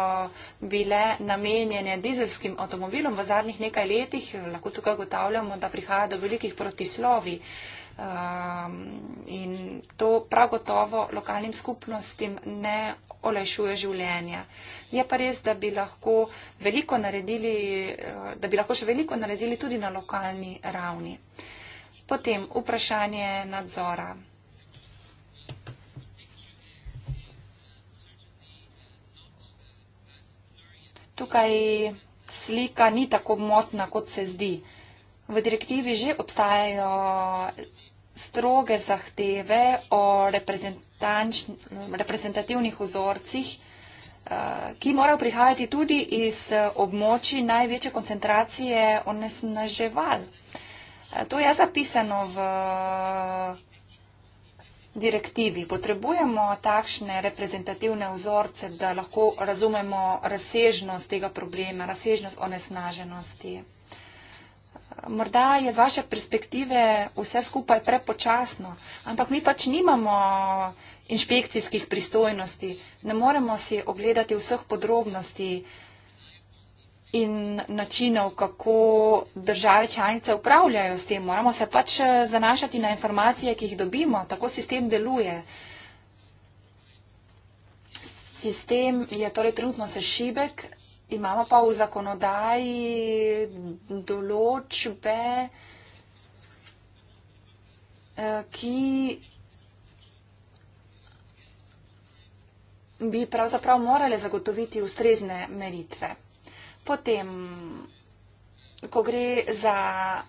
bile namenjene dizelskim avtomobilom v zadnjih nekaj letih, lahko tukaj ugotavljamo, da prihaja do velikih protislovi. Um, in to prav gotovo lokalnim skupnostim ne olajšuje življenja. Je pa res, da bi lahko veliko naredili, eh, da bi lahko še veliko naredili tudi na lokalni ravni. Uh, Potem vprašanje nadzora. Tukaj slika ni tako motna, kot se zdi. V direktivi že obstajajo stroge zahteve o reprezentativnih vzorcih, eh, ki morajo prihajati tudi iz območji največje koncentracije onesnaževal. Eh, to je zapisano v direktivi. Potrebujemo takšne reprezentativne vzorce, da lahko razumemo razsežnost tega problema, razsežnost onesnaženosti. Eh, morda je z vaše perspektive vse skupaj prepočasno, ampak mi pač nimamo inšpekcijskih pristojnosti. Ne moremo si ogledati vseh podrobnosti, in načinov, kako države članice upravljajo s tem. Moramo se pač eh, zanašati na informacije, ki jih dobimo. Tako sistem deluje. Sistem je torej trenutno se šibek, imamo pa v zakonodaji določbe, eh, ki bi pravzaprav morali zagotoviti ustrezne meritve. Potem, ko gre za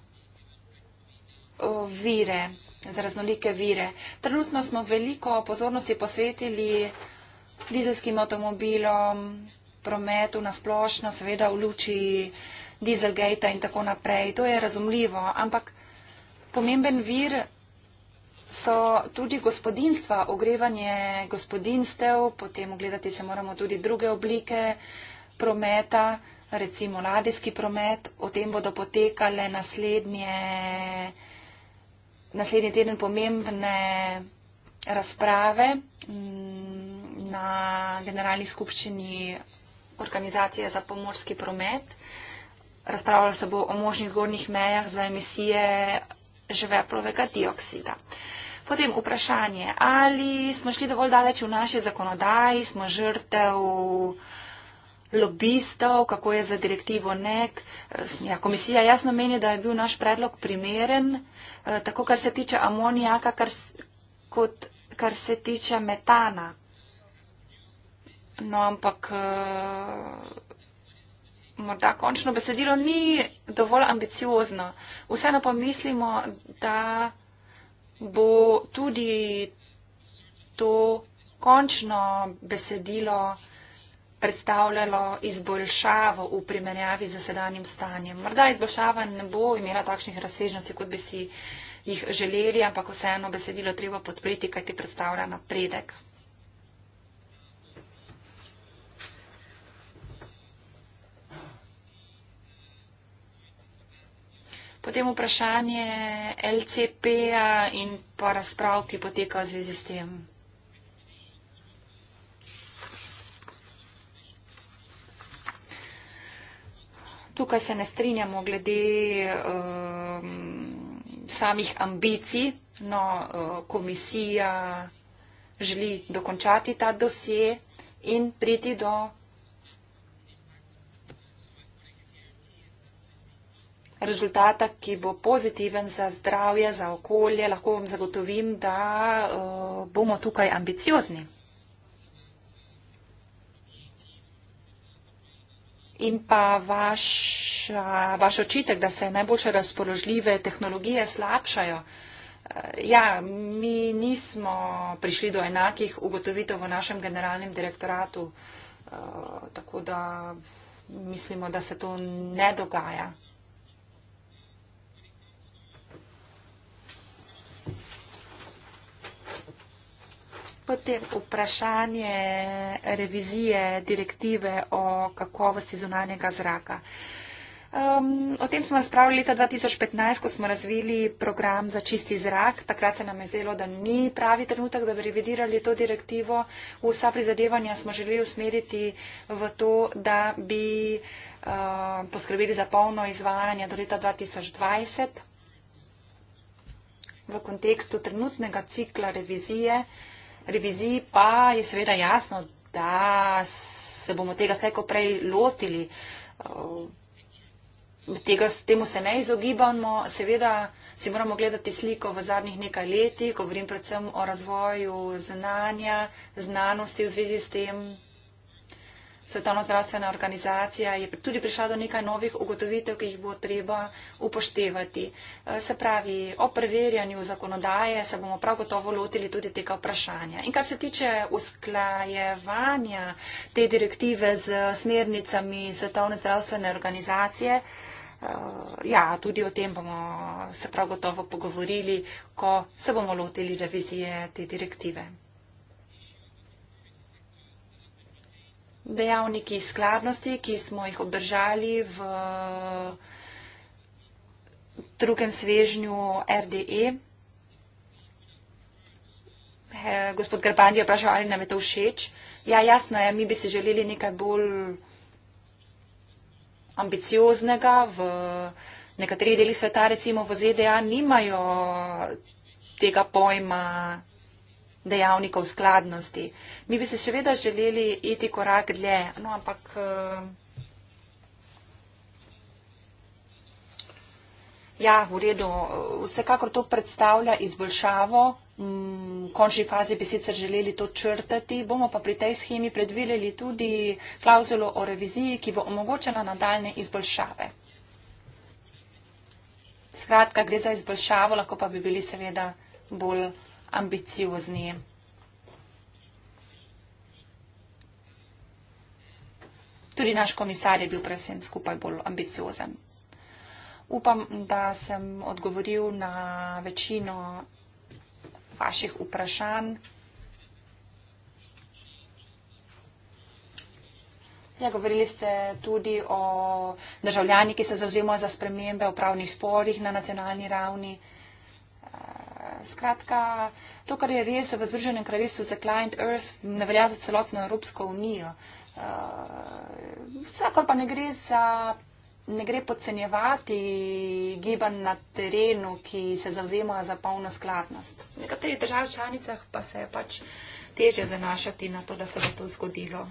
vire, za raznolike vire. Trenutno smo veliko pozornosti posvetili dizelskim avtomobilom, prometu na splošno, seveda v luči dizelgejta in tako naprej. To je razumljivo, ampak pomemben vir so tudi gospodinstva, ogrevanje gospodinstev, potem ogledati se moramo tudi druge oblike prometa, recimo ladijski promet, o tem bodo potekale naslednje, naslednji teden pomembne razprave mm, na generalni skupščini organizacije za pomorski promet. Razpravljalo se bo o možnih gornjih mejah za emisije žveplovega dioksida. Potem vprašanje, ali smo šli dovolj daleč v naši zakonodaji, smo žrtev lobistov, kako je za direktivo nek. Eh, ja, komisija jasno meni, da je bil naš predlog primeren, eh, tako kar se tiče amonijaka, kar, kot kar se tiče metana. No, ampak eh, morda končno besedilo ni dovolj ambiciozno. Vseeno pa mislimo, da bo tudi to končno besedilo predstavljalo izboljšavo v primerjavi z sedanjem stanjem. Morda izboljšava ne bo imela takšnih razsežnosti, kot bi si jih želeli, ampak vseeno besedilo treba podpreti, kaj ti predstavlja napredek. Potem vprašanje LCP-a in pa razprav, ki potekajo v zvezi s tem. tukaj se ne strinjamo glede uh, samih ambicij. No, uh, komisija želi dokončati ta dosje in priti do rezultata, ki bo pozitiven za zdravje, za okolje. Lahko vam zagotovim, da uh, bomo tukaj ambiciozni. in pa vaš, vaš očitek, da se najboljše razpoložljive tehnologije slabšajo. Eh, ja, mi nismo prišli do enakih ugotovitev v našem generalnem direktoratu, eh, tako da mislimo, da se to ne dogaja. potem vprašanje revizije direktive o kakovosti zunanjega zraka. Um, o tem smo razpravljali leta 2015, ko smo razvili program za čisti zrak. Takrat se nam je zdelo, da ni pravi trenutek, da bi revidirali to direktivo. Vsa prizadevanja smo želeli usmeriti v to, da bi uh, poskrbeli za polno izvajanje do leta 2020 v kontekstu trenutnega cikla revizije. Uh, reviziji pa je seveda jasno, da se bomo tega slejko prej lotili. Uh, tega, temu se ne izogibamo. Seveda si moramo gledati sliko v zadnjih nekaj letih, govorim predvsem o razvoju znanja, znanosti v zvezi s tem, Svetovna zdravstvena organizacija je tudi prišla do nekaj novih ugotovitev, ki jih bo treba upoštevati. Eh, se pravi, o preverjanju zakonodaje se bomo prav gotovo lotili tudi tega vprašanja. In kar se tiče usklajevanja te direktive z smernicami Svetovne zdravstvene organizacije, eh, ja, tudi o tem bomo se prav gotovo pogovorili, ko se bomo lotili revizije te direktive. dejavniki skladnosti, ki smo jih obdržali v drugem svežnju RDE. Gospod Grbandi je vprašal, ali nam je to všeč. Ja, jasno je, mi bi si želeli nekaj bolj ambicioznega. V nekateri deli sveta, recimo v ZDA, nimajo tega pojma dejavnikov skladnosti. Mi bi se seveda želeli iti korak dlje, no, ampak. Eh, ja, v redu. Vsekakor to predstavlja izboljšavo. Mm, v končni fazi bi sicer želeli to črtati, bomo pa pri tej schemi predvideli tudi klauzulo o reviziji, ki bo omogočena nadaljne izboljšave. Skratka, gre za izboljšavo, lahko pa bi bili seveda bolj ambiciozni. Tudi naš komisar je bil predvsem skupaj bolj ambiciozen. Upam, da sem odgovoril na večino vaših vprašanj. Ja, govorili ste tudi o državljani, ki se zauzemajo za spremembe v pravnih sporih na nacionalni ravni. Skratka, to, kar je res v Združenem kraljestvu za Client Earth, ne velja za celotno Evropsko unijo. Eh, vsekakor pa ne gre za. Ne gre podcenjevati gibanj na terenu, ki se zauzema za polno skladnost. V nekaterih državah članicah pa se je pač teže zanašati na to, da se bo to zgodilo.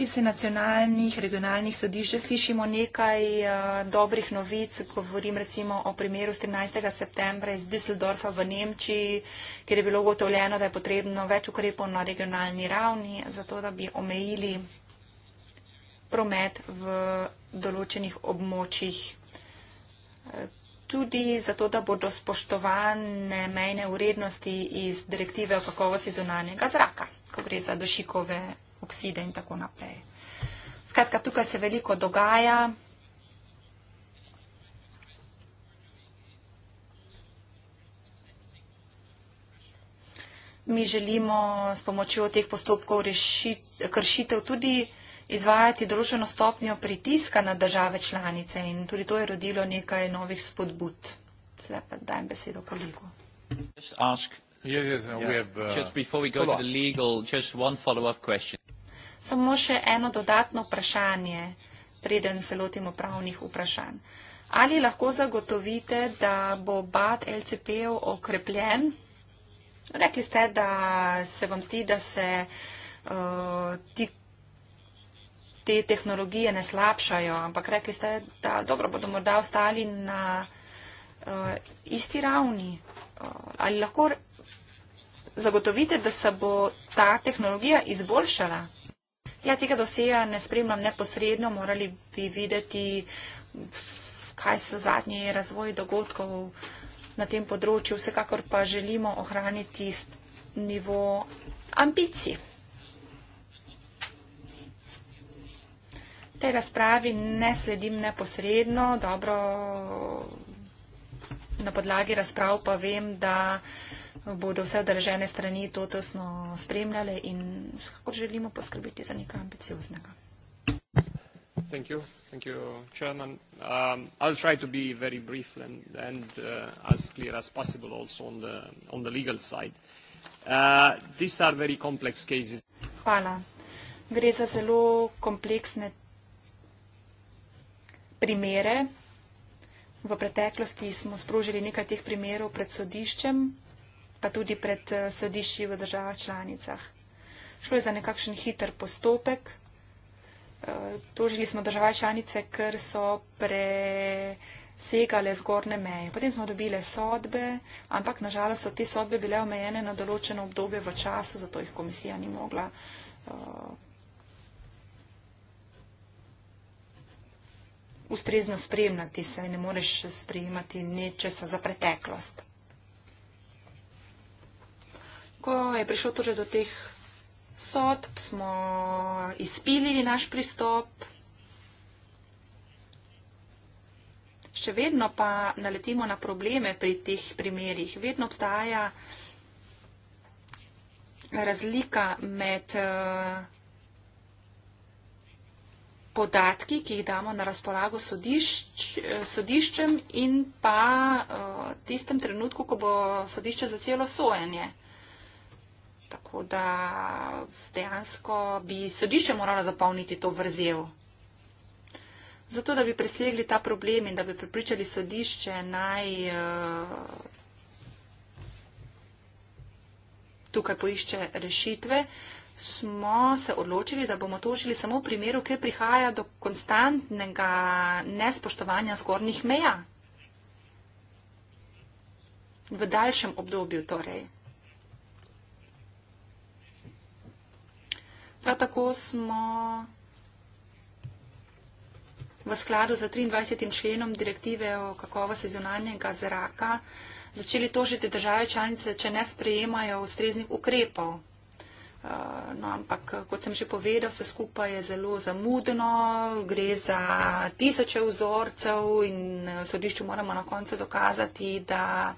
Iz nacionalnih, regionalnih sodišč slišimo nekaj uh, dobrih novic. Govorim recimo o primeru z 13. septembra iz Düsseldorfa v Nemčiji, kjer je bilo ugotovljeno, da je potrebno več ukrepov na regionalni ravni, zato da bi omejili promet v določenih območjih. Tudi zato, da bodo spoštovane mejne urednosti iz direktive o kakovosti zunanjega zraka, ko gre za dušikove okside in tako naprej. Skratka, tukaj se veliko dogaja. Mi želimo s pomočjo teh postopkov rešit, kršitev tudi izvajati določeno stopnjo pritiska na države članice in tudi to je rodilo nekaj novih spodbud. Zdaj pa dajem besedo kolegu. Yeah, yeah, yeah. We have, uh, just before we go to the legal, just one follow-up question. Samo še eno dodatno vprašanje, preden se lotimo pravnih vprašanj. Ali lahko zagotovite, da bo bat LCP-ov okrepljen? Rekli ste, da se vam zdi, da se uh, ti, te tehnologije ne slabšajo, ampak rekli ste, da dobro bodo morda ostali na uh, isti ravni. Uh, ali lahko zagotovite, da se bo ta tehnologija izboljšala? Ja, tega dosega ne spremljam neposredno, morali bi videti, kaj so zadnji razvoj dogodkov na tem področju. Vsekakor pa želimo ohraniti nivo ambicij. Te razpravi ne sledim neposredno, dobro, na podlagi razprav pa vem, da bodo vse držene strani to tesno spremljale in kako želimo poskrbiti za nekaj ambicioznega. Thank you. Thank you, Chairman. Um, I'll try to be very brief and, and uh, as clear as possible also on the, on the legal side. Uh, these are very complex cases. Hvala. Gre za zelo kompleksne primere. V preteklosti smo sprožili nekaj teh primerov pred sodiščem pa tudi pred eh, sodišči v državah članicah. Šlo je za nekakšen hiter postopek. Eh, tožili smo države članice, ker so presegale zgorne meje. Potem smo dobile sodbe, ampak nažalost so te sodbe bile omejene na določeno obdobje v času, zato jih komisija ni mogla. Eh, ustrezno spremljati se, ne moreš spremljati nečesa za preteklost. Ko je prišlo torej do teh sodb, smo izpilili naš pristop. Še vedno pa naletimo na probleme pri teh primerjih. Vedno obstaja razlika med eh, podatki, ki jih damo na razpolago sodišč, eh, sodiščem in pa eh, tistem trenutku, ko bo sodišče začelo sojenje. Tako da dejansko bi sodišče moralo zapolniti to vrzel. Zato, da bi presegli ta problem in da bi pripričali sodišče naj uh, tukaj poišče rešitve, smo se odločili, da bomo tožili samo v primeru, kjer prihaja do konstantnega nespoštovanja zgornjih meja. V daljšem obdobju torej. Prav tako smo v skladu z 23. členom direktive o kakovosti zunanjega zraka začeli tožiti države članice, če ne sprejemajo ustreznih ukrepov. Eh, no, ampak, kot sem že povedal, vse skupaj je zelo zamudno, gre za tisoče vzorcev in eh, sodišču moramo na koncu dokazati, da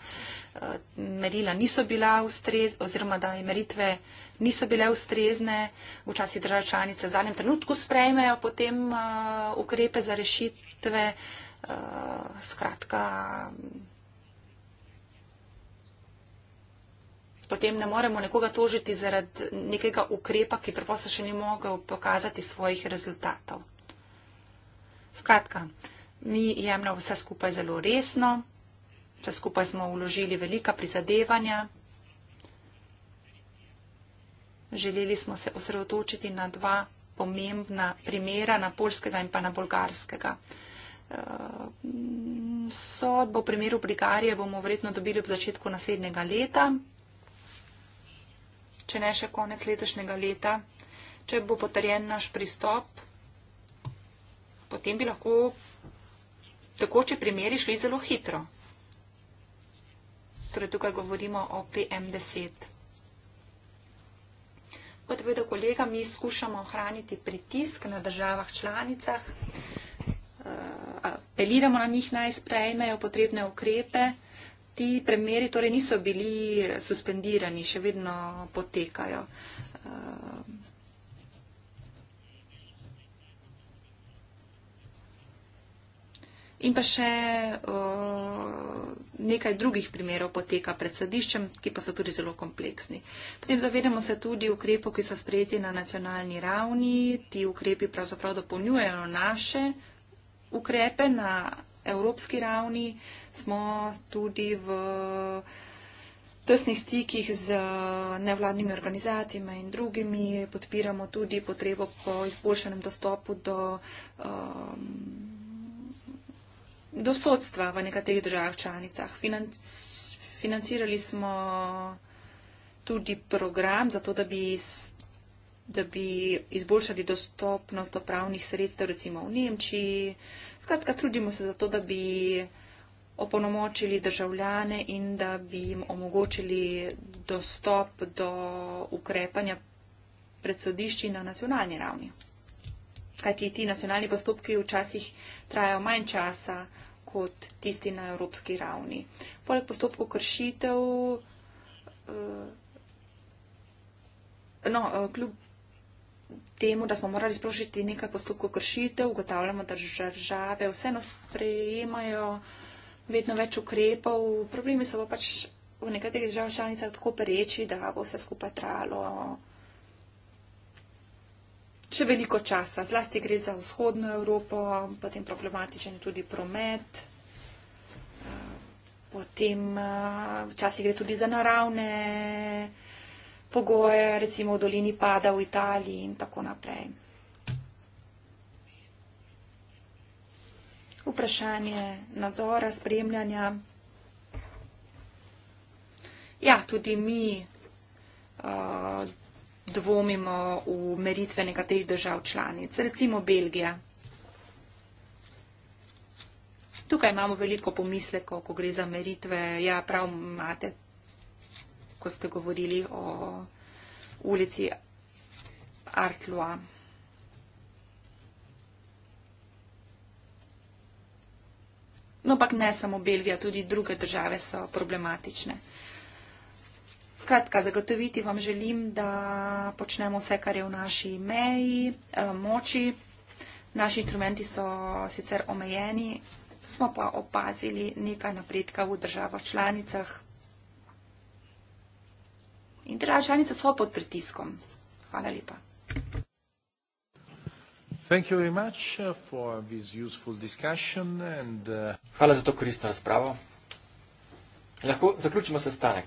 Eh, merila niso bila ustrezna oziroma da meritve niso bile ustrezne. Včasih države članice v zadnjem trenutku sprejmejo potem eh, ukrepe za rešitve. Eh, skratka, potem ne moremo nekoga tožiti zaradi nekega ukrepa, ki preprosto še ni mogel pokazati svojih rezultatov. Skratka, mi jemljamo vse skupaj zelo resno. Vse skupaj smo vložili velika prizadevanja. Želeli smo se osredotočiti na dva pomembna primera, na polskega in pa na bolgarskega. Eh, sodbo v primeru Bligarije bomo verjetno dobili ob začetku naslednjega leta, če ne še konec letošnjega leta. Če bo potrjen naš pristop, potem bi lahko tekoči primeri šli zelo hitro. Torej, tukaj govorimo o PM10. Kot vedo kolega, mi skušamo ohraniti pritisk na državah članicah, eh, apeliramo na njih naj sprejmejo potrebne ukrepe. Ti premjeri torej niso bili suspendirani, še vedno potekajo. Eh, In pa še uh, nekaj drugih primerov poteka pred sodiščem, ki pa so tudi zelo kompleksni. Potem zavedamo se tudi ukrepov, ki so sprejeti na nacionalni ravni. Ti ukrepi pravzaprav dopolnjujejo naše ukrepe na evropski ravni. Smo tudi v tesnih stikih z nevladnimi organizacijami in drugimi. Podpiramo tudi potrebo po izboljšanem dostopu do. Um, do sodstva v nekaterih državah članicah. Financ, financirali smo tudi program za to, da bi, da bi izboljšali dostopnost do pravnih sredstev, recimo v Nemčiji. Skratka, trudimo se za to, da bi opolnomočili državljane in da bi jim omogočili dostop do ukrepanja predsodišči na nacionalni ravni kajti ti nacionalni postopki včasih trajajo manj časa kot tisti na evropski ravni. Poleg postopkov kršitev, eh, no, eh, kljub temu, da smo morali sprožiti nekaj postopkov kršitev, ugotavljamo, da države vseeno sprejemajo vedno več ukrepov, problemi so pa pač v nekaterih državah članicah tako pereči, da bo vse skupaj trajalo Če veliko časa, zlasti gre za vzhodno Evropo, potem problematičen je tudi promet, eh, potem eh, včasih gre tudi za naravne pogoje, recimo v dolini pada v Italiji in tako naprej. Vprašanje nadzora, spremljanja. Ja, tudi mi. Uh, dvomimo v meritve nekaterih držav članic. Recimo Belgija. Tukaj imamo veliko pomisleko, ko gre za meritve. Ja, prav imate, ko ste govorili o ulici Artloa. No, pa ne samo Belgija, tudi druge države so problematične. Skratka, zagotoviti vam želim, da počnemo vse, kar je v naši meji, eh, moči. Naši instrumenti so sicer omejeni, smo pa opazili nekaj napredka v državah članicah. In države članice so pod pritiskom. Hvala lepa. Uh, uh, Hvala za to koristno razpravo. Lahko zaključimo sestanek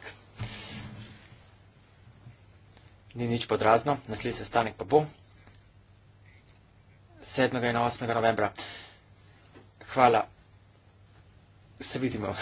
ni nič podrazno, naslednji sestanek pa bo 7. in 8. novembra. Hvala. Se vidimo.